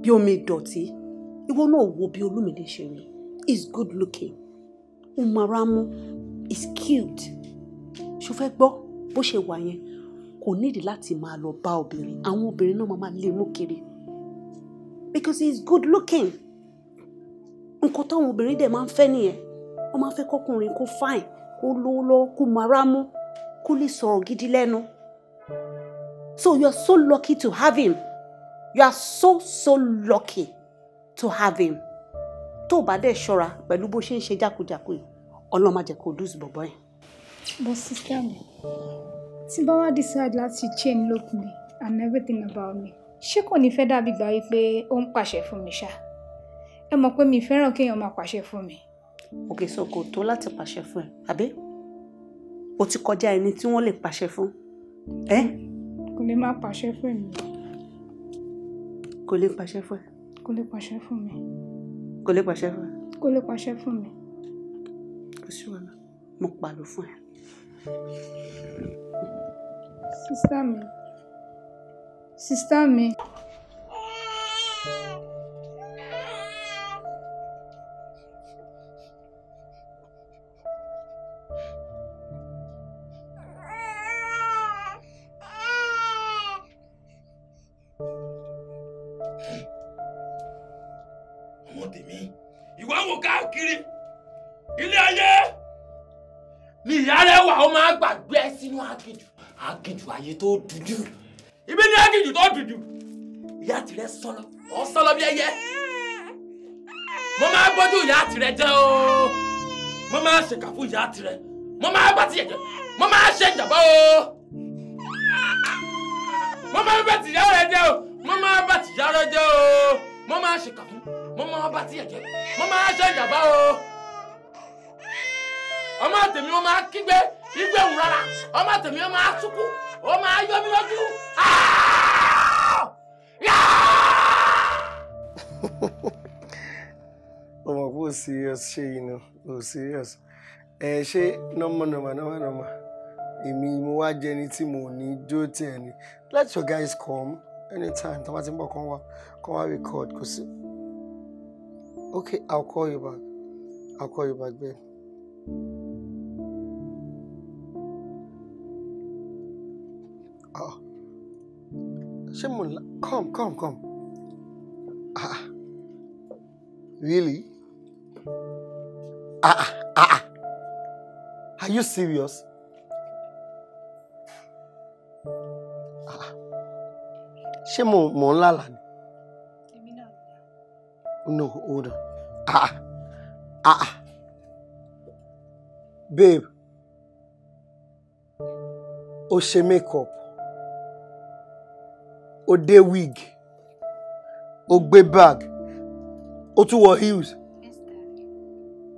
Speaker 3: bí omi ìdọ̀tí ìwọ náà wo bí olúmídé ṣe rí is good looking ó mara mú is cute ṣó fẹ́ gbọ́ bó ṣe wà yẹn kò nídìí láti máa lọ bá obìnrin àwọn obìnrin náà máa lè mú kiri because he is good looking nǹkan táwọn obìnrin dẹ̀ máa ń fẹ́ nìyẹn wọ́n máa fẹ́ kọkùnrin kó fáìn kó lówó lọ́wọ́ kó mara mú kó lè sọ̀rọ̀ gidi lẹ́nu so you are so lucky to have him you are so so lucky to have him tó o bá dẹ̀ ṣọ́ra pẹ̀lú bó ṣe ń ṣe jákujàku yìí ọlọ́run má jẹ́ kó dùn sí bọ̀bọ̀ yẹn.
Speaker 5: but sister mi tí bá wá decide láti change look me and everything about me ṣé kò ní fẹ́ dàbí gbà wípé ó ń pàṣẹ fún mi ṣáá ẹ mọ̀ pé mi fẹ́ràn kéèyàn máa pàṣẹ fún mi.
Speaker 3: òkè so kò tó láti pàṣẹ fún ẹ àbí o ti kọjá ẹni tí wọ́n lè pàṣẹ fún ẹ. kò lè máa pàṣẹ fún mi. kò lè pàṣẹ fún ẹ.
Speaker 5: kò lè pàṣẹ fún mi.
Speaker 3: kò lè pàṣẹ fún ẹ.
Speaker 5: kò lè pàṣẹ fún mi. kò sí wàhálà
Speaker 3: mo pàlọ́ fún ẹ.
Speaker 5: sísá mi sísá mi.
Speaker 6: àgìjì tó dùjú ibi ní àgìjì tó dùjú ìyá tìrẹ sọlọ ọ sọlọ bí ẹyẹ mo máa gbójú ìyá tìrẹ jẹ o mo máa ṣèkà fún ìyá tìrẹ mo máa bá tiẹ̀ jẹ mo máa ṣe ìjàmbá o mo máa bá tìyá rẹ jẹ o mo máa bá tìyá rẹ jẹ o mo máa ṣèkà fún
Speaker 2: mo máa bá tiẹ̀ jẹ
Speaker 6: mo máa ṣe ìjàmbá o ọmọ tèmi wọn máa kígbe igbe òun rárá ọmọ tèmi wọn máa túkú ó máa yọ mí lójú.
Speaker 2: o mọ̀ pé o serious ṣe yìí nà o serious ẹ ṣe nọ́mọ nọ́mọ nọ́mọ nọ́mọ èmi mo wá jẹ ẹni tí mo ní dúró tì ẹ let your guys come anytime tí wọ́n ti ń bọ̀ kán wá kán wá record kò sí. okay I'll call you back I'll call you back babe. Oh, ṣé mo la come come come ah really ah ah, ah ah are you serious ah ṣé mo mo ń lálàá no hold on ah ah babe o ṣe make up ó dé wig ó gbé bag ó tún wọ heels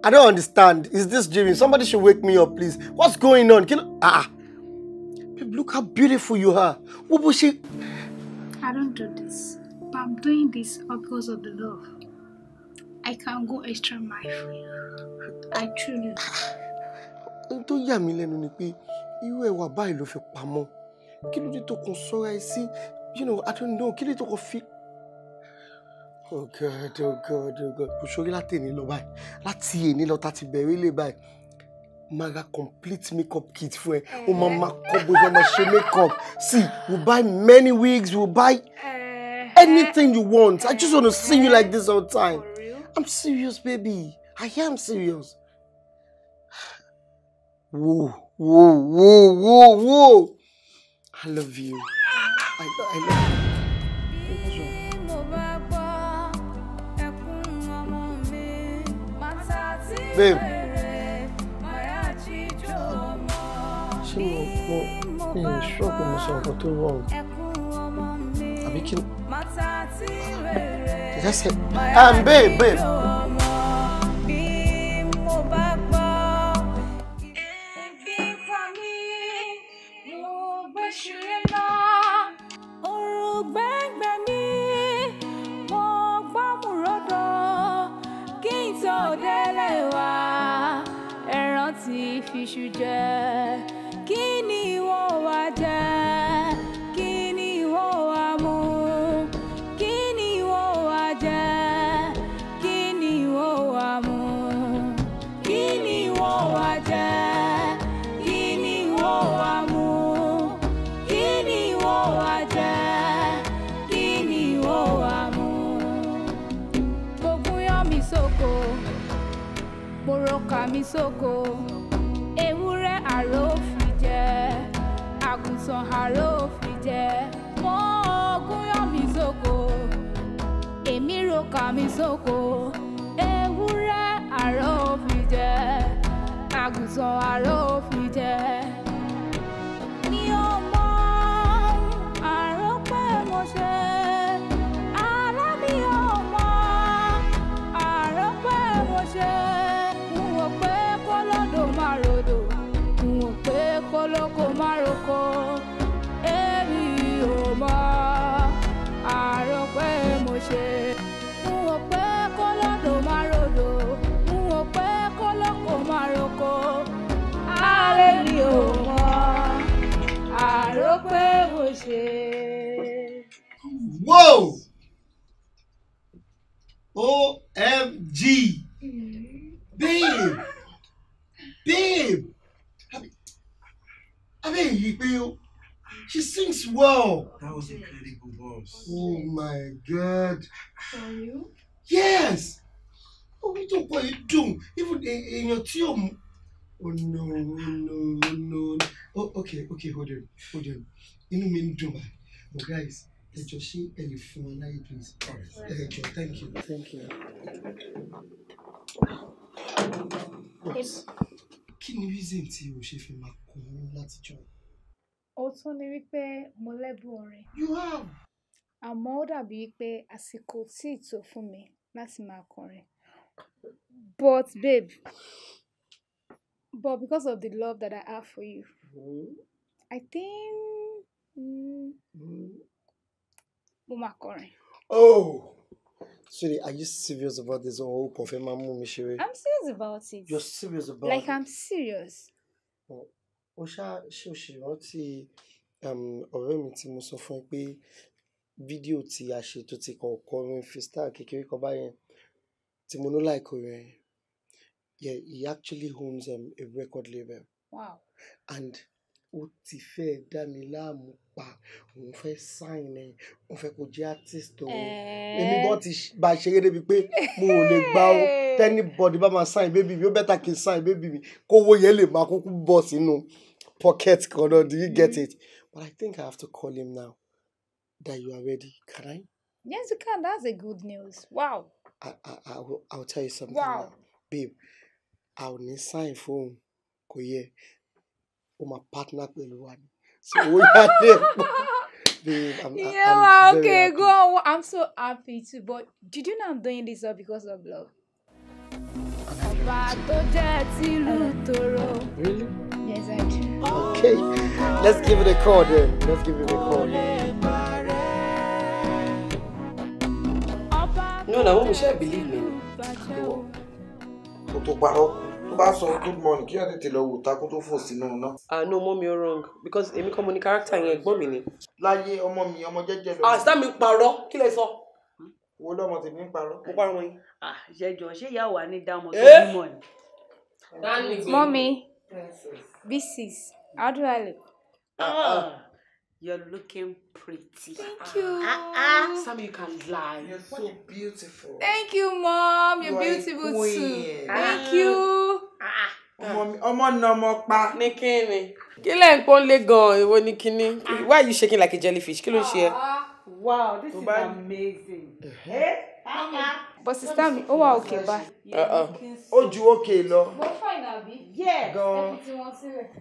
Speaker 2: I don't understand is this dreaming somebody should wake me up please what's going on kí ah, ah babe look how beautiful you are wo bó ṣe.
Speaker 5: I don't do this but I'm doing this because of the love I can go extra mile for you I truly.
Speaker 2: ohun tó yà mí lẹ́nu ni pé irú ẹwà báyìí ló fi pamọ́ kí ló dé tó kàn sọ́ra ẹ sí you know I don't know kí lè tó kọ oh god oh god oh god kò sórí láti èní lọ báyìí láti èní lọ tá a ti bẹ̀rẹ̀ lè báyìí máa complete makeup kit for ẹ o máa máa kọ bó ṣe máa makeup see we buy many wigs we buy eh. anything you want I just want to see you like this all the time I'm serious baby I am serious.
Speaker 4: Whoa, whoa, whoa, whoa, whoa.
Speaker 2: I love you. I, I love
Speaker 5: you. Babe. Ṣé
Speaker 2: mo mo mi ò ṣọ́ọ̀kù mo sọ nǹkan
Speaker 5: Did I say? Um, babe, babe. jẹ́ kí ni ìwọ wá jẹ́ kí ni ìwọ wá mu kí ni ìwọ wá jẹ́ kí ni ìwọ wá mu
Speaker 4: kí ni ìwọ wá jẹ́ kí ni ìwọ wá mu kí ni ìwọ wá jẹ́ kí ni
Speaker 5: ìwọ wá mu. Gbogbo yọ mi sóko, gbòòrò kà mi sóko àrò òfin jẹ àgùntàn àrò òfin jẹ mọ́ ogún yọ mi sóko èmi ro kà mi sóko ewúrẹ́ àrò òfin jẹ àgùntàn àrò òfin jẹ. Mi ò mọ àròpé mo ṣe.
Speaker 1: D. Babe. Babe. I mean, he Bill. She sings well.
Speaker 4: That was incredible,
Speaker 1: boss. Oh my
Speaker 2: God. Are you? Yes. Oh, we don't what you do. Even in, in your tomb. Oh no, oh no, oh no. Oh, okay, okay, hold on, hold on. Inú mi ń do, báyìí. But guys, ẹ jọ ṣé fún wọn láyé please ẹ jọ thank you. thank you. kí ni reason tí o ṣe fi máa kọ ọ látijọ́?
Speaker 5: òótọ́ ni wípé mo ọ̀rẹ́. you have. àmọ́ ó dàbí pé àsìkò tí ì tó fún mi láti máa kọrin but babe but because of the love that I have for you mm. I think. Mm,
Speaker 1: mm
Speaker 2: oh Sweetie, are you serious about this whole oh, confirm I'm serious
Speaker 5: about it. You're
Speaker 2: serious about like, it? Like
Speaker 5: I'm serious.
Speaker 2: Oh, Osha, she òṣèrántí ọ̀rẹ́ um tí mo sọ fún ẹ pé fídíò tí a ṣe tó ti kàn kọrin freestyle kékeré kan báyẹn tí mo ní láìkó rẹ̀ yeah he actually owns um, a record label. Wow. And ó ti fẹ́ dá mi láàmú pa òun fẹ́ sign ẹ òun fẹ́ kó jẹ́ artist o èmi gan ti bá a ṣeré débi pé mo ò lè gbà ó tẹ́nibọ̀dì bá máa sign baby mi ó bẹ́tà kí n sign baby mi kówó yẹn lè máa kúkú bọ̀ sínú pocket kan náà do you get mm-hmm. it but I think I have to call him now that you are ready can I.
Speaker 5: Yes, you can. That's a good news. Wow.
Speaker 2: I, I, I will, I will tell you something. Wow. Now. Babe, I will need sign phone. Kò yẹ. O ma partner pẹ̀lú
Speaker 4: wa ni.
Speaker 5: So we had it.
Speaker 4: Babe, I'm, yeah, I'm okay, go
Speaker 5: on. I'm so happy too. But did you know I'm doing this all because of love? Really? Yes, I do. Okay,
Speaker 2: let's give it a call then. Let's give it a call. No, no, we should believe me. bá sọ good morning kí ẹ tètè wò takun tó fò sínú iná. àánú ọmọ mi ò wrong because èmi kọ́ mo ní character yẹn ẹ̀gbọ́n mi ni. láyé ọmọ mi ọmọ jẹ́jẹ́ lọ. àṣà ah, mi parọ́ kí lẹ sọ. wo lọmọ tèmi ń parọ́. mo parọ́ wọn yìí. Ah, àṣẹjọ ṣé ìyá wa ní dámọ tó
Speaker 3: bímọ eh? ni. mọ́mi
Speaker 5: B6 how do I look.
Speaker 3: uh You're looking pretty. Thank you. Uh,
Speaker 5: uh, Sam, you can lie. You're so beautiful. Thank you, Mom. You're, You're beautiful too. Thank
Speaker 2: uh, you. Ah, ọmọ nà ọmọ pa. Ah. ní kíni. kí lẹ́ ń pọ́n lé gan-an èwo ni kíní why you shaking like a jellyfish kí ló ń ṣe ẹ.
Speaker 3: wow this is amazing. Hey? Uh-huh. Eh? but sista
Speaker 5: mi ó wà òkè bá.
Speaker 2: ó ju òkè lọ.
Speaker 5: mo fà iná bí. yeah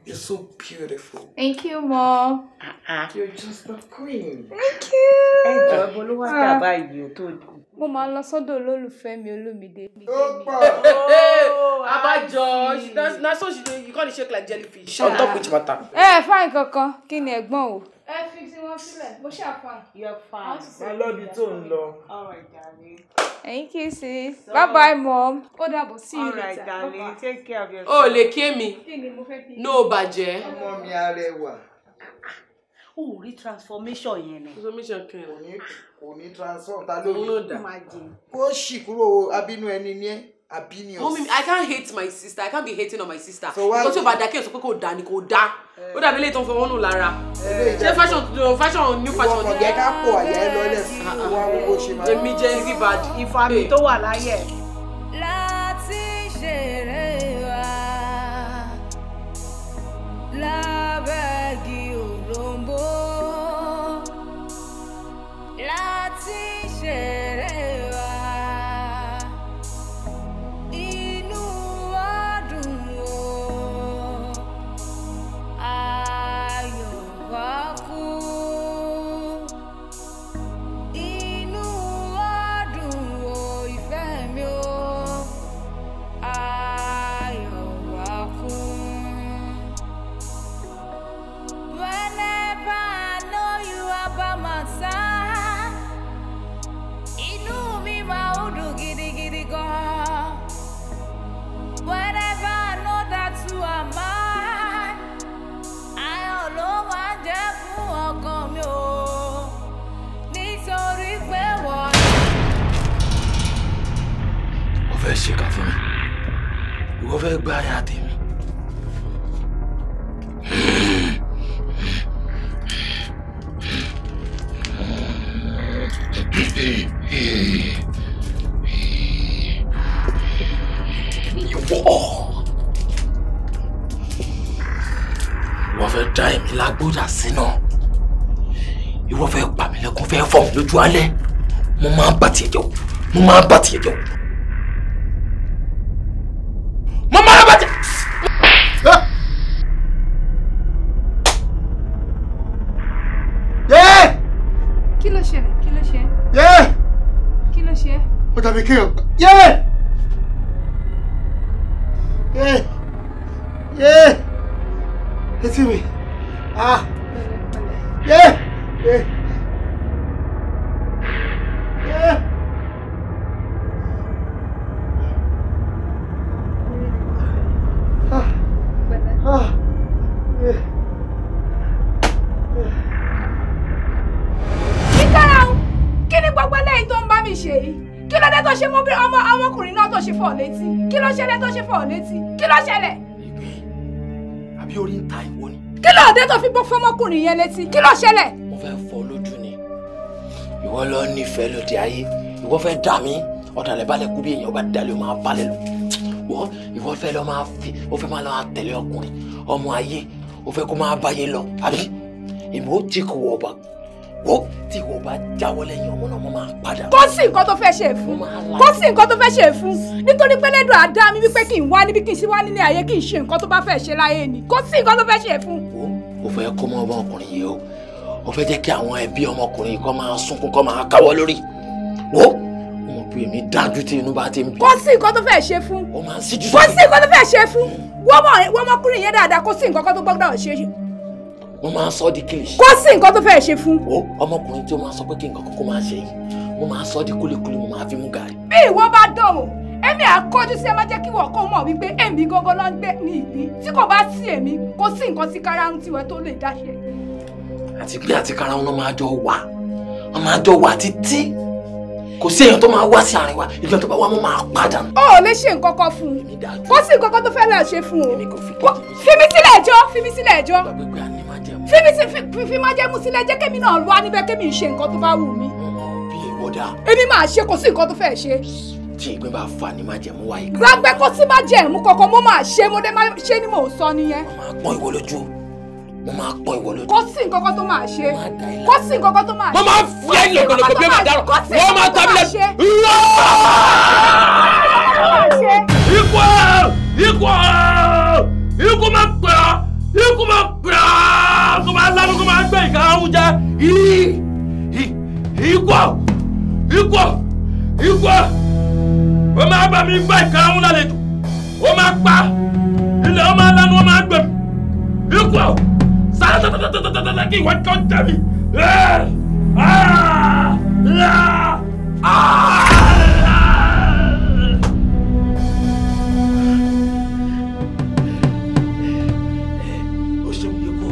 Speaker 2: you're so beautiful. thank
Speaker 5: you mom.
Speaker 2: Uh-uh. you're just the queen. thank
Speaker 5: you. ẹ jọ ibo ló
Speaker 2: wá dà ah.
Speaker 3: báyìí o tó.
Speaker 5: mo máa ń lọ sọ́dọ̀ olólùfẹ́ mi olómìdé. ó pọ̀ ó. Oh,
Speaker 3: abájọ na so she you come dey shake like
Speaker 5: jellyfish on top which
Speaker 3: matter. ẹ
Speaker 5: ẹ fine, kankan kí ni ẹ̀gbọ́n o. ẹ eh, fi tí wọn sílẹ̀ mo ṣe àfàn. yọ fàn má lọ́bi tó ń lọ. ẹ̀yin kì í ṣe bye bye mom ó dàbọ̀ sí ìrìn ìta. alright darling take care of oh, yourself. o lè ké mi n'o bàjẹ́. ọmọ mi arẹwà
Speaker 2: ó rí transformation yẹn ni. transformation kan yẹn. kò ní transform ta ló rí. ó máa jẹ. ó ṣì kúrò abínú ẹni ní ẹ abinius. mọ́mí i can't
Speaker 3: hate my sister i can't be hating on my sister. so why because yóò bá da kí o sọ da ni kò da eh. ó dàbí ilé tó ń fọwọ́ nù lára. Eh, ṣé fashion fashion new fashion. ìwọ ọmọ pọ̀ àyà ẹ lọ́lẹ̀ fún wa gbogbo ṣe máa. èmi jẹ́ ibad. ìfàmì tó wà láyé
Speaker 2: Vale.
Speaker 5: sí kí ló ṣẹlẹ̀. mo fẹ́ fọ lójú
Speaker 2: ni ìwọ lọ nífẹ̀ẹ́ lóde ayé ìwọ fẹ́ dà mí ọ̀dàlẹ̀ balẹ̀ kú bí èèyàn bá dalẹ̀ o máa balẹ̀ lò ìwọ fẹ́ lọ máa fi o fẹ́ máa lọ tẹ̀lé ọkùnrin ọmọ ayé o fẹ́ kó máa báyé lọ àbí ìmọ̀ ó ti kò wọ̀ bá wọ́ tí ìwọ bá jáwọ́ lẹ́yìn ọmọ náà mo
Speaker 5: máa padà. kò sí nǹkan tó fẹ́ ṣe fún kò sí nǹkan tó fẹ́ ṣe fún nítorí pé lẹ́dọ̀ mi wípé kí n wá níbi kí n ṣe wá nílé ayé kí n ṣe nǹkan tó bá fẹ́ ṣe láyé ni kò sí nǹkan tó fẹ́ ṣe fún
Speaker 1: ó fẹ́
Speaker 2: kó mọ́ ọmọkùnrin yìí o ó fẹ́ jẹ́ kí àwọn ẹbí ọmọkùnrin yìí kó máa sunkún kó máa káwọ́ lórí wo mo bí èmi dájú tí inú bá ti ń bí.
Speaker 5: kò sí nǹkan tó fẹ́ ṣe fún. ó máa ń síjú sókè. kò sí nǹkan tó fẹ́ ṣe fún. wọ́n ọmọkùnrin yẹn dáadáa kò sí nǹkan kan tó gbọ́dọ̀ ṣe
Speaker 2: wọ́n máa ń sọ ọ́ di kìlìṣì. kò sí nǹkan tó fẹ́ ṣe fún. o ọmọkùnrin tí ó máa sọ pé kí nǹkan kókó máa ṣe yìí mo máa sọ ọ́ di kúlíkúlí mo máa fi mú gàrí.
Speaker 5: bí ìwọ bá dọ̀wọ̀ èmi àkọ́jú sí ẹ má jẹ́ kí wọ́n kó mọ̀ wípé èmi gángan ló ń gbé ní ìpín tí kò bá sí èmi kò sí nǹkan sí karahun tiwẹ̀ tó lè dáṣẹ.
Speaker 2: àti pé àti karahun náà máa jọ wà wọn máa jọ wà títí kò sí èèyàn tó máa wá sí àárín wa ìgbà tó bá wá mọ́ máa padà.
Speaker 5: ó ò lè ṣe nǹkan kan fún un kó sì nǹkan kan tó fẹ́ lọ ṣe fún un fi mí sílẹ̀ ẹjọ́ fi mí sílẹ̀ ẹjọ́ fi mí sílẹ̀ fi má jẹ́mu sílẹ̀ jẹ́ kémi náà wá níbẹ̀ kémi ṣe nǹkan tó bá wù mí. èmi máa ṣe kò sí nǹkan tó fẹ́ ṣe tí ìgbín bá fà ní májẹ̀mú wáyé. ráńpẹ́ kó sí májẹ̀mú kankan mo máa ṣe mo dé máa ṣe ni mò ń sọ nìyẹn.
Speaker 2: mo máa pọ́n ìwọ lójú mo máa pọ́n ìwọ
Speaker 5: lójú. kó sí nǹkan kan tó máa ṣe kó sí nǹkan kan tó máa ṣe. mo máa fi ẹ̀yìn ògbólógbò bí ó máa dárò wọ́n máa tábìlẹ̀
Speaker 4: ikú ikú ikú máa pè ọ́ ikú máa pè
Speaker 6: ọ́ kó máa lánàá kó máa gbé ìka ọ̀hún jẹ ikú ikú ikú ó máa bá mi gbá ìkarahun lálejò ó máa pa ilẹ̀ ó máa lanu ó máa gbẹ̀mí ikú ọ̀ sáré tọ́tọ́tọ́tọ́tọ́tọ́ kí ìwọ́n kí wọ́n tẹ̀ mí. ó ṣeun ikú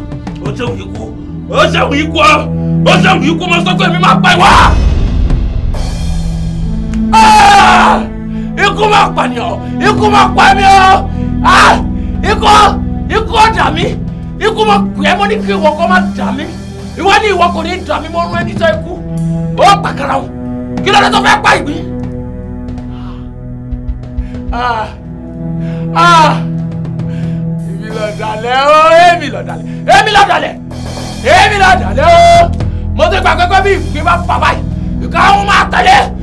Speaker 6: ó ṣeun ikú ó ṣeun ikú ọ ó ṣeun ikú mo sọ pé mi máa pa ìwà. Ah! ikú máa pa ni ọ ikú máa pa mi ọ ikú ikú ọ̀dà mi ikú máa pè é mo ní kí ìwọ kọ́ máa dà mí ìwọ ní ìwọ kò ní dà mí mo rún ẹni tó ikú ó pàkàrà o kí ló dé tó fẹ́ pa ìgbín. èmi lọ̀dàlẹ̀ o èmi lọ̀dàlẹ̀ èmi lọ̀dàlẹ̀ èmi lọ̀dàlẹ̀ o mo ti gbàgbé pé bí ìgbín bá pa báyìí ìka ń máa tẹ̀lé.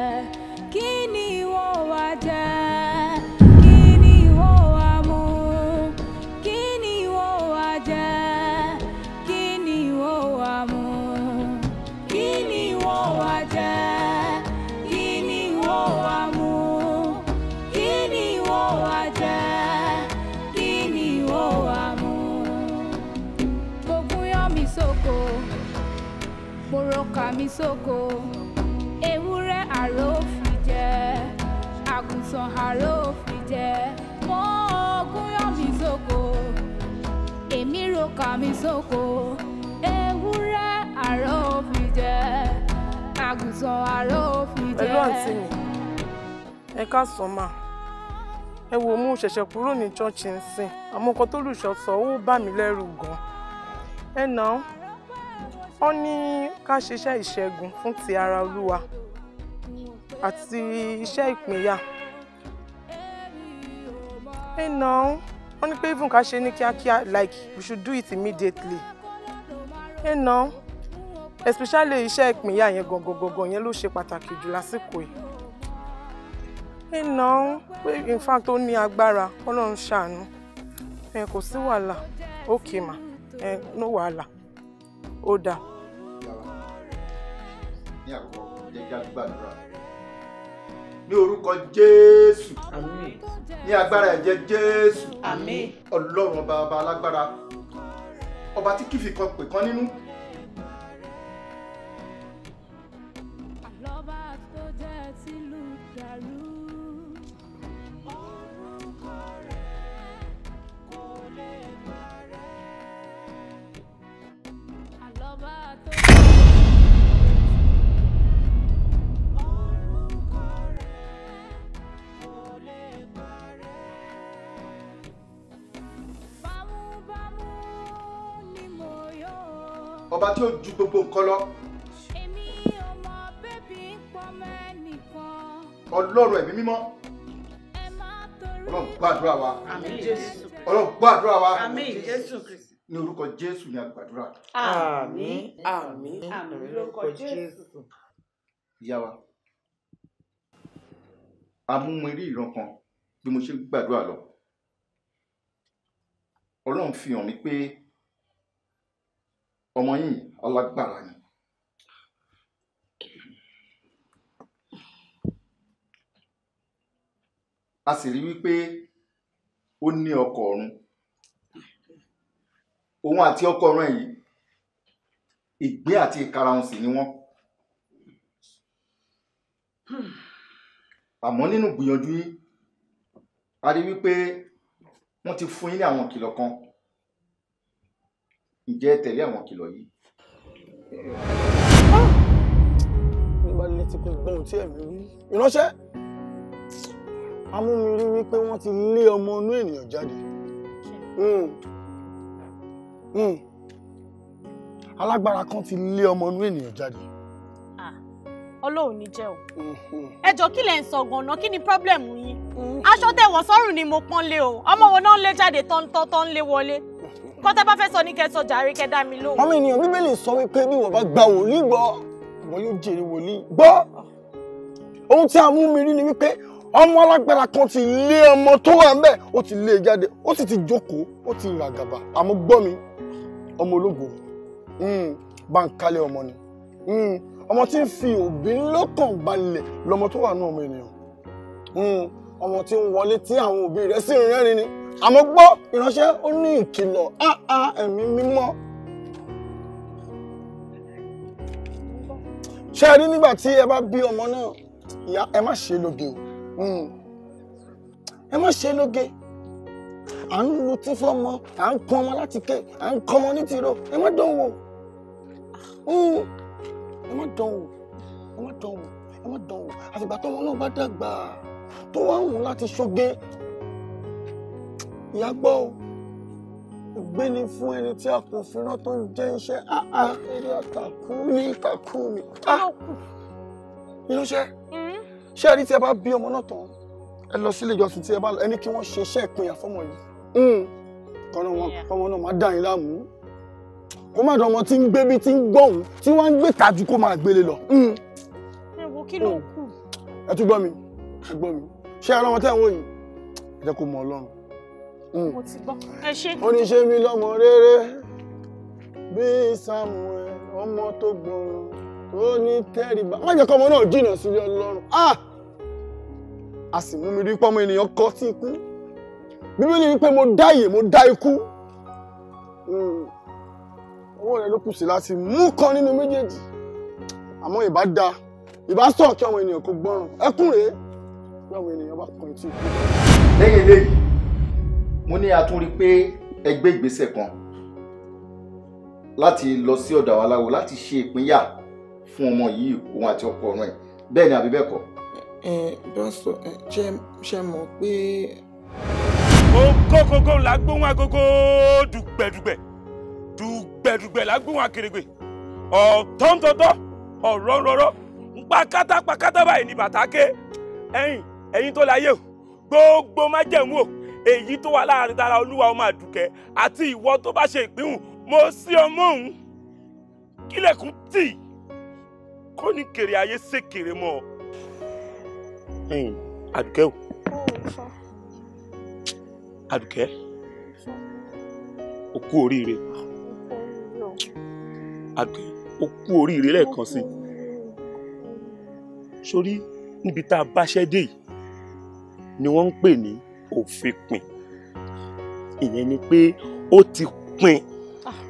Speaker 5: mi sóko ewúrẹ́ àrò òfin jẹ àgùntàn àrò òfin jẹ mọ́ ogún yọ mi sóko èmi ro kà mi sóko ewúrẹ́ àrò òfin jẹ àgùntàn àrò òfin jẹ. pẹ̀lú àǹtí mi ẹ káàsán
Speaker 3: máa ẹ wò mú ṣẹ̀ṣẹ̀ kúrò ní ṣọ́ọ̀ṣì ń sìn àmọ́ kan tó lùṣọ́ sọ ó bà mí lẹ́rù gan-an ẹ náà wọ́n ní ká ṣiṣẹ́
Speaker 2: ìṣẹ́gun fún ti ara olúwa àti iṣẹ́ ìpínyà ẹnà wọ́n ní pé even ká ṣe ní kíákíá like we should do it immediately ẹnà especially iṣẹ́ ìpínyà yẹn gọ̀gọ̀gọ̀gọ̀ yẹn ló ṣe pàtàkì jù lásìkò yìí ẹnà pé in fact ó ní agbára ọlọ́run ṣàánú ẹ kò sí wàhálà okay ma ẹ no wàhálà ó dáa
Speaker 1: ní àkọ́kọ́ jẹ́ kí a gbàdúrà ní orúkọ jésù àmín ní agbára ẹ̀jẹ̀ jésù àmín ọlọ́run ọba ọba alágbára ọba tí kì kan pè kan nínú. Bye. ọba tí ó ju gbogbo nǹkan lọ. ọlọ́run ẹ̀mí mímọ́
Speaker 2: ọlọ́run gbọ́ àdúrà wa ọlọ́run gbọ́ àdúrà wa
Speaker 1: ní orúkọ jésù ni a gbàdúrà.
Speaker 2: àmín
Speaker 1: àmín àmín lórúkọ jésù. ìyá wa amúmọ̀rí ìran kan bí mo ṣe gbàdúrà lọ ọlọ́run fi hàn mí pé ọmọ yìí alágbára ni. a sì rí wípé ó ní ọkọ ọ̀run òun àti ọkọ ọ̀run yìí ìgbé àti ìkarahun sì ni wọ́n. àmọ́ nínú gbìyànjú yìí a rí wípé wọ́n ti fún yín ní àwọn ìkìlọ̀ kan ǹjẹ́ ẹ tẹ̀lé àwọn kìlọ̀ yìí.
Speaker 2: mi ní létí pé gbóhùn tí ẹ̀mí rí ìránṣẹ́
Speaker 1: amúmirí wípé wọ́n ti lé ọmọ inú ènìyàn jáde hmm. Hmm. alágbára kan ti lé ọmọ inú ènìyàn jáde.
Speaker 3: Ah, Ọlọ́run ní jẹ́ o. Hmm, ẹjọ́ kí lẹ̀ ń sọ gan-an kí ni problem yín. aṣọ tẹ̀wọ̀ sọ́rùn ni mo pọ́n lé o ọmọ wo náà lé jáde tán tán wọlé kọ́tẹ́ bá fẹ́ sọ ní kẹsọ jàre kẹ dá mi lóhùn. ọmọ ènìyàn bíbélì
Speaker 2: sọ wípé bí ìwọ bá gba wòlíì gbọ́
Speaker 1: ìwọ yóò jèrè wòlíì gbọ́ ohun tí a mú mi rí ni wípé ọmọ alágbára kan ti lé ọmọ tó wà ńbẹ̀ ó ti lé e jáde ó sì ti jókòó ó ti ràgàbà àmọ́ gbọ́ mi ọmọ ológo hmm, báńkálẹ ọmọ ni hmm, ọmọ tí ń fi òbí lọ́kàn balẹ̀ lọmọ tó wà ní ọmọ ènìyàn hmm, ọmọ tí ń wọlé tí àwọn òbí rẹ̀ sì ń rẹ́rìn ni àmọ́ gbọ́ ìránṣẹ́ ó ní ìkìlọ̀
Speaker 2: áá ẹ̀mí mímọ́. ṣé ẹ rí nígbà tí ẹ bá bí ọmọ náà ìyá ẹ má ṣe lóge o hmm. ẹ má ṣe lóge à ń lu tí fọmọ à ń kún ọmọ láti ké à ń kọ́ ọmọ ní tìró ẹ má dán wò hmm. ẹ má dán wò ẹ má dán wò ẹ má dán wò àfìgbà tó wọn náà bá dàgbà tó wà ń wù láti ṣoge ìyá gbọ́ o ìgbé ni fún ẹni tí a kò fìràn tó ń jẹ́ iṣẹ́ àá eré àtàkùn mi ìtàkùn mi ìránṣẹ́ ah! hmm? ṣé ẹni tí ẹ bá bí ọmọ náà tán ẹ lọ sílé ìjọsìn tí ẹ bá lọ ẹni kí wọ́n ṣe iṣẹ́ ìpínyà fọmọ yìí
Speaker 1: hmm. kọ́nà wọn ọmọ náà máa dá yín láàmú kó má dán ọmọ tí ń gbé bí tí ń gbọ̀hún tí wọ́n ń gbé tàjú kó máa gbélé lọ.
Speaker 2: Hmm.
Speaker 4: ẹ wo kí ló kù.
Speaker 1: ẹ tún gbọ́ mi ẹ gbọ́ mi ṣé ara wọn tẹ̀ ń yìí ẹ jẹ́ kó mọ ọlọ́run
Speaker 2: Mm.
Speaker 4: mo ti gbọ́ ẹ ṣe. ó ní ṣe mí lọ́mọ rere
Speaker 1: bí Samuel ọmọ tó gbọ́ràn tó ní tẹríba má jẹ́ kọ́mọ náà jìnnà sílé Ọlọ́run ah! a sì mú mi rí pọ́mọ ènìyàn kọ́ sí ikú bíbélì ni pé mo dá ìyè mo dá ikú ọwọ́ hmm. rẹ ló kù sí láti mú kan nínú méjèèjì àmọ́ ìbá da ìbá sọ̀ kí àwọn ènìyàn kò gbọ́ràn ẹkún rèé bí àwọn ènìyàn bá kan etí ikú. lẹ́yìn eléyìí mo ní a tún rí i pé ẹ gbé ìgbésẹ̀ kan
Speaker 2: láti lọ sí ọ̀dà wa láwo láti ṣe ìpínyà fún ọmọ yìí òun àti ọkọ ọ̀run ẹ̀ bẹ́ẹ̀ ni àbí bẹ́ẹ̀ kọ́. ẹ bọ́sọ̀ ṣe mọ̀ pé. ogogogo la gbóhùn agogo dùgbẹ̀dùgbẹ̀
Speaker 6: dùgbẹ̀dùgbẹ̀ la gbóhùn akèrègbè ọ̀tọ̀ntọ̀tọ̀ ọ̀rọ̀rọ̀rọ̀ pàkátà pàkátà báyìí ni bàtà ké ẹ̀yìn ẹ̀yìn tó láyé o gbogbo májẹ̀mú o èyí tó wà láàrin tara olúwa ọmọ àdùkẹ́ àti ìwọ tó bá ṣe ìpínhùn mo sí ọmọ òun kílẹ̀kùn tì kó ní kèrè ayé ṣèkèrè mọ́ ọ. àdùkẹ́ o àdùkẹ́ o kú oríire àdùkẹ́ o kú oríire lẹ́ẹ̀kan sí sórí níbi tá a báṣẹ́ dé yìí ni wọ́n ń pè ní òfin pin ìyẹn ni pé ó ti pin ah,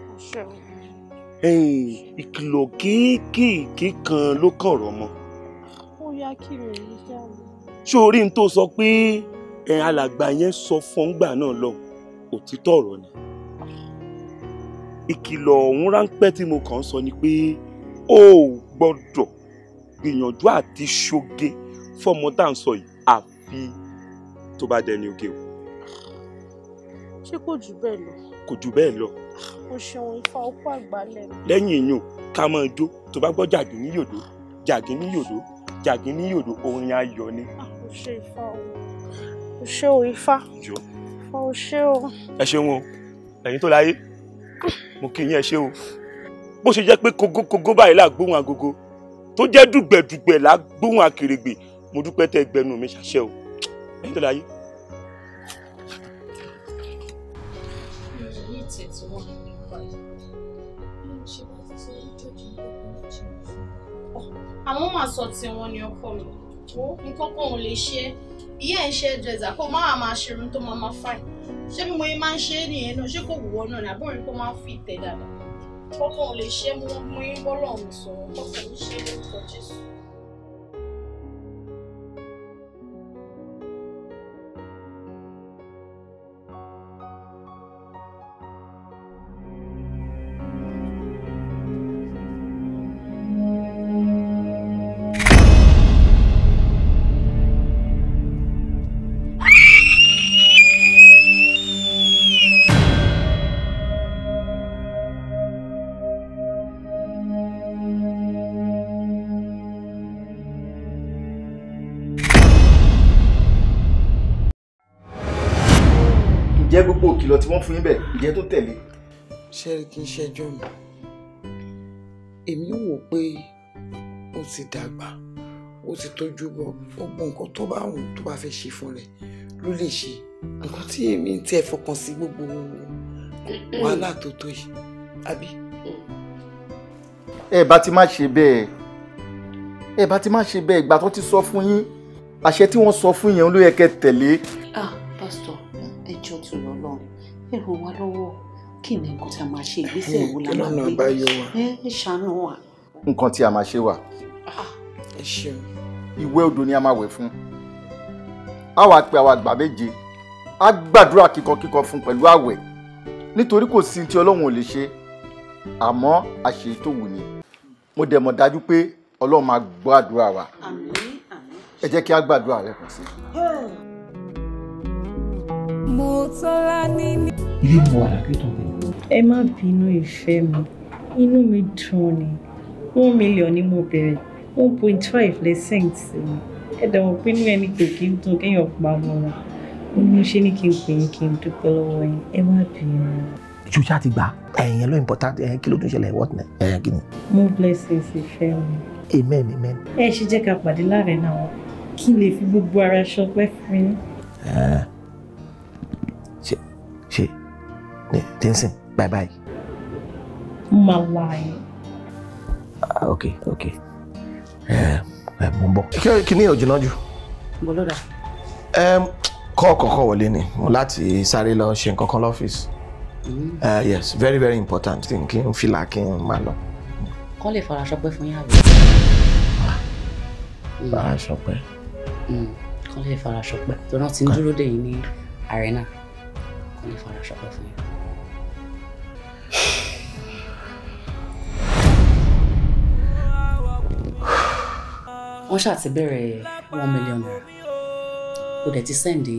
Speaker 6: ìkìlọ̀ kéékèèké kan ló kàn rọ̀ mọ́.
Speaker 4: ó yá kí lè rí jáde.
Speaker 6: ṣé orí n tó sọ pé ẹ alàgbà yẹn sọ fọ́ngbà náà lọ òtítọ́ ọ̀rọ̀ ni ìkìlọ̀ ọ̀hún ráńpẹ́ tí mo kàn sọ ni pé o gbọ́dọ̀ gbìyànjú àti ṣoge fọmọ tá à ń sọ yìí àfi tó bá dẹni oge o.
Speaker 3: ṣé kò jù bẹ́ẹ̀ lọ.
Speaker 6: kò jù bẹ́ẹ̀ lọ.
Speaker 5: o ṣeun ifá okú àgbà lẹ́nu.
Speaker 6: lẹ́yìn ìyún ká máa jó tó bá gbọ́ jàgín ní yòdó jàgín ní yòdó jàgín ní yòdó orin ayọ̀ ni. Ah,
Speaker 5: o ṣe ifá o
Speaker 3: o ṣe o ifá.
Speaker 6: ẹ ṣeun o ẹ̀yin tó láyé mo kí yín ẹ ṣe o bó ṣe jẹ́ pé kógókógó báyìí là gbóhùn agogo tó jẹ́ dùgbẹ̀dùgbẹ̀ là gbóhùn akèrègbè mo dúpẹ́ tẹ́ gbẹnu mi ṣàṣẹ o ẹ̀yin tó lè ayé.
Speaker 5: àwọn máa sọ tiwọn ni ọkọ mi wo nǹkan kan ò lè ṣe ìyá ẹ̀ ń ṣe dẹ̀zà kó má wàá máa ṣerun tó máa máa fàì ṣé bí mo yẹ máa ń ṣe é nìyẹn náà ṣé kò wúwo náà nàbọ̀ rí kó máa fi tẹ̀ dáadáa kọ́kọ́ ò lè ṣe é mo yẹ bọ́lọ̀ ọ̀hún sọ̀rọ̀ kọ́kọ́ ò ṣe é
Speaker 4: lórúkọ Jésù.
Speaker 2: ìkìlọ̀ tí wọ́n fún yín bẹ̀ ìyẹn tó tẹ̀lé. ṣẹ́rí kí n ṣẹjọ́ mi èmi wò pé ó ti dàgbà ó ti tójú bọ gbogbo nǹkan tó bá wù tó bá fẹ́ ṣe fún rẹ̀ ló lè ṣe nǹkan tí èmi ti ẹ̀ fọkàn sí gbogbo wàhálà tó tó yìí àbí. ẹ bá ti má ṣe bẹ́ẹ̀ ẹ bá ti má ṣe bẹ́ẹ̀ ìgbà tó ti sọ fún yín àṣẹ tí wọ́n sọ fún yẹn ló yẹ kẹ́ tẹ̀lé.
Speaker 3: ah pastor, ẹ jọ̀ọ́ tó lọ lọ́run ẹ ràn wá lọ́wọ́ kí ni nǹkan tí a máa ṣe ìgbésẹ̀ wo la máa gbé ẹ ṣàánú wa.
Speaker 2: nǹkan tí a máa ṣe wà. ẹ ṣeun. ìwẹ̀ odò ni a máa wẹ̀ fún a wàá
Speaker 1: pe àwọn àgbà méje a gbàdúrà kíkọkíkọ fún pẹ̀lú àwẹ̀ nítorí kò sí tí ọlọ́run ò lè ṣe àmọ́ àṣeyí tó wù ni mo dẹ̀ mọ̀ dájú pé ọlọ́run máa gbọ́ àdúrà wa ẹ jẹ́ kí a gbàdúrà rẹ̀ pọ̀ sí
Speaker 4: i.
Speaker 5: Motolani ni.
Speaker 1: Ilé mo wà lápẹ́ tó
Speaker 5: bẹ̀. Ẹ má bínú ìfẹ́ mi, inú mi dùn ni. One million ni mo
Speaker 3: bẹ̀rẹ̀, one point five lẹ́sìn sí mi. Ẹ dẹ̀wọ̀n pé inú ẹni pé kí n dùn kéèyàn pa mọ́ra. Ó ní mo ṣe ní kí n pè yín kí n dúpẹ́ lọ́wọ́ yín.
Speaker 5: Ẹ má bínú.
Speaker 2: Ìjọba ti gbà ẹ̀yìn ló important ẹ̀yìn kí ló tún ṣẹlẹ̀ what na ẹ̀yìn kí ni.
Speaker 3: More blessings ìfẹ́ mi. Amen amen. Ẹ ṣe jẹ́ ká pàdé láàrin náà kí n lè fi gbogbo ara ṣọpẹ́ fún yín.
Speaker 2: ní tẹ́sán bye bye.
Speaker 3: Malaye.
Speaker 2: Ah, ok ok eh, eh, mo ń bọ̀. kíni ò jìnnà jù. bọ́lọ́dà. kọ́ kọ́kọ́ wọlé ni láti sáré lọ ṣe nǹkan kan lọ́fíìsì. Mm-hmm. Eh, yes very very important thing kí n fìlà kí n máa lọ.
Speaker 3: kọ́ lè fara ṣọpẹ́ fún yàrá. Ah,
Speaker 2: fara mm. ṣọpẹ́. Mm. kọ́ lè fara ṣọpẹ́ tó
Speaker 3: náà ti ń dúró dè yín ní arena kọ́ lè fara ṣọpẹ́ fún yàrá. wọ́n ṣáà ti bẹ̀rẹ̀ one million naira ó dẹ̀ ti sẹ́ndì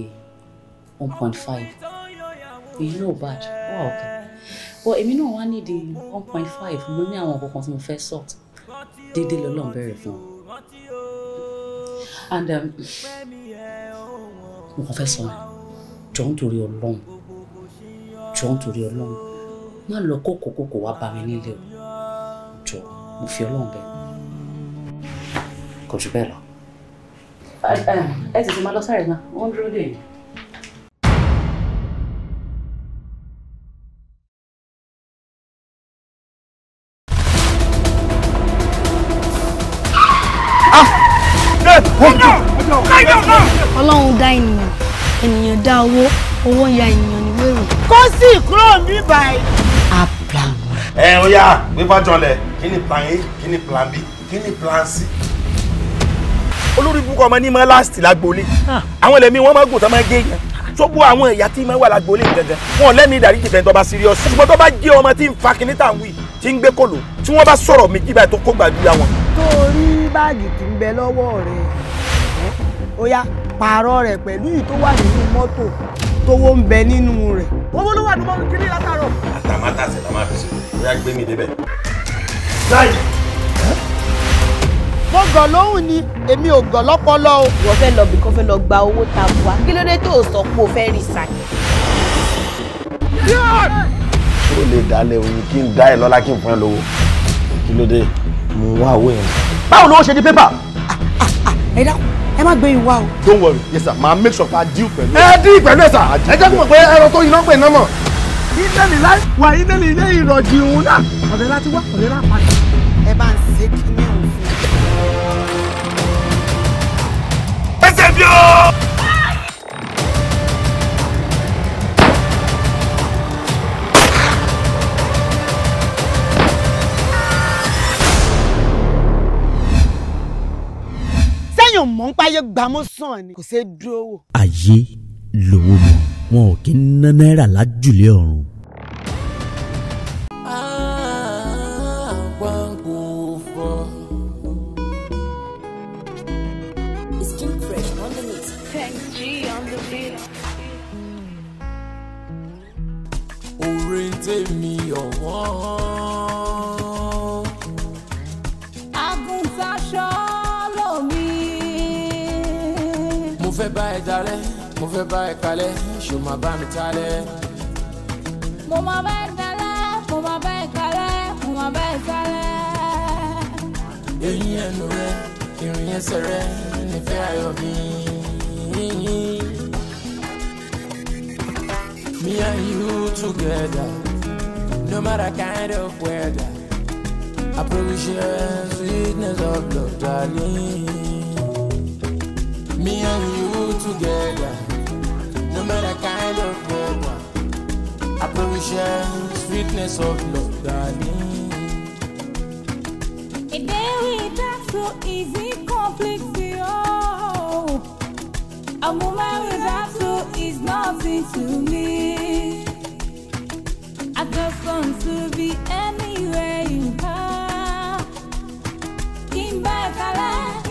Speaker 3: one point five èyí náà bad ó wà òkè but èmi náà wá nídi one point five mo ní àwọn kankan tí mo fẹ́ sort déédéé lọ́lọ́ bẹ̀rẹ̀ fún and um, mo kàn fẹ́ sọ jọ ń torí ọlọ́run jọ ń torí ọlọ́run má lọ kókòkókò wá bá mi nílé o jọ mo fi ọlọ́run bẹ́ẹ̀ kò jù bẹ́ẹ̀ lọ. ẹ tètè máa lọ sáré náà wọ́n dúró
Speaker 4: dè yìí. ọlọ́run dá ènìyàn
Speaker 3: ènìyàn dá owó owó ya ènìyàn ní wèrè. kó sì kúrò ní báyìí. a
Speaker 1: ẹ ó gbé bájọ lẹ kí ni plan a kí ni plan b kí ni
Speaker 6: plan c olórí púpọ̀ ọmọ ní mọ́ last lágbólé ah. àwọn ẹlẹ́mí wọn máa gùn tó máa gé yẹn tó bú àwọn ìyá tí máa wà lágbólé gangan wọn lẹ́ni ìdáríjì fẹ́ tó bá serious ṣùgbọ́n tó bá jẹ́ ọmọ tí ń fa kinní tà ń wí tí ń gbé kòló tí wọ́n bá sọ̀rọ̀ méjì báyìí tó kó gbàdúrà wọn.
Speaker 2: torí báàgì tí ń bẹ lọ́wọ́ rẹ ó yá pààrọ̀ rẹ̀ pẹ̀lú yìí tó wà nínú mọ́tò tówó ń bẹ nínú rẹ̀. owó ló wà nínú mọ́tò kiri látàárọ̀.
Speaker 6: àtàmátàsẹ̀ la máa fi ṣe ìyá
Speaker 3: mo gọ̀ lóhùn ni èmi ò gọ̀ lọ́pọlọ o. ìwọ fẹ́ lọ bí kò fẹ́ lọ gba owó ta bua kí ló dé tó sọ pé o fẹ́ rí sàn.
Speaker 4: kúrò
Speaker 2: lè dalẹ̀ oyin kí n dá ẹ lọ́lá kí n fún ẹ lówó kí ló dé mo wá owó yẹn.
Speaker 1: báwo ló ṣe di pépà. ẹ dákun ẹ má gbé yín wá o. don't worry yes sir maa make sure pa deal pẹ̀lú. ẹ dín pẹ̀lú ẹ sà ẹ jẹ́ kí mo pé ẹ̀rọ tó iná pè náà mọ̀. ilé mi láì wà ilé mi ilé ìrọ̀jì òun náà
Speaker 3: ọ̀rẹ́ láti wá ọ̀rẹ́ láti padà. ẹ bá ń ṣe kí ni
Speaker 6: bí o.
Speaker 2: sẹ́yìn mọ̀ ń páyé gbámú sàn ni kò ṣeé dúró wò. ayé
Speaker 1: lówó mọ wọn ò kí ń ná náírà lájùlé ọ̀run tèmi
Speaker 4: ọ̀wọ́n. àgùntàṣọ
Speaker 5: lomi. mo fẹ́ bá ẹ dalẹ̀
Speaker 2: mo fẹ́ bá ẹ kalẹ̀ ṣò máa bá mi talẹ̀.
Speaker 5: mo máa bá ẹ dalẹ̀ mo máa bá ẹ kalẹ̀ mo máa bá ẹ talẹ̀.
Speaker 2: eyín ẹnu rẹ ìrìn ẹsẹ̀ rẹ nífẹ̀ẹ́ ayọ̀ mi. Me and you together no matter kind of weather. I promise you sweetness of love, darling. Me and you together, no matter kind of weather. I promise you sweetness of love, darling.
Speaker 5: It ain't without so easy conflict, oh. A woman without so is nothing to me. I just want to be anywhere you are. King by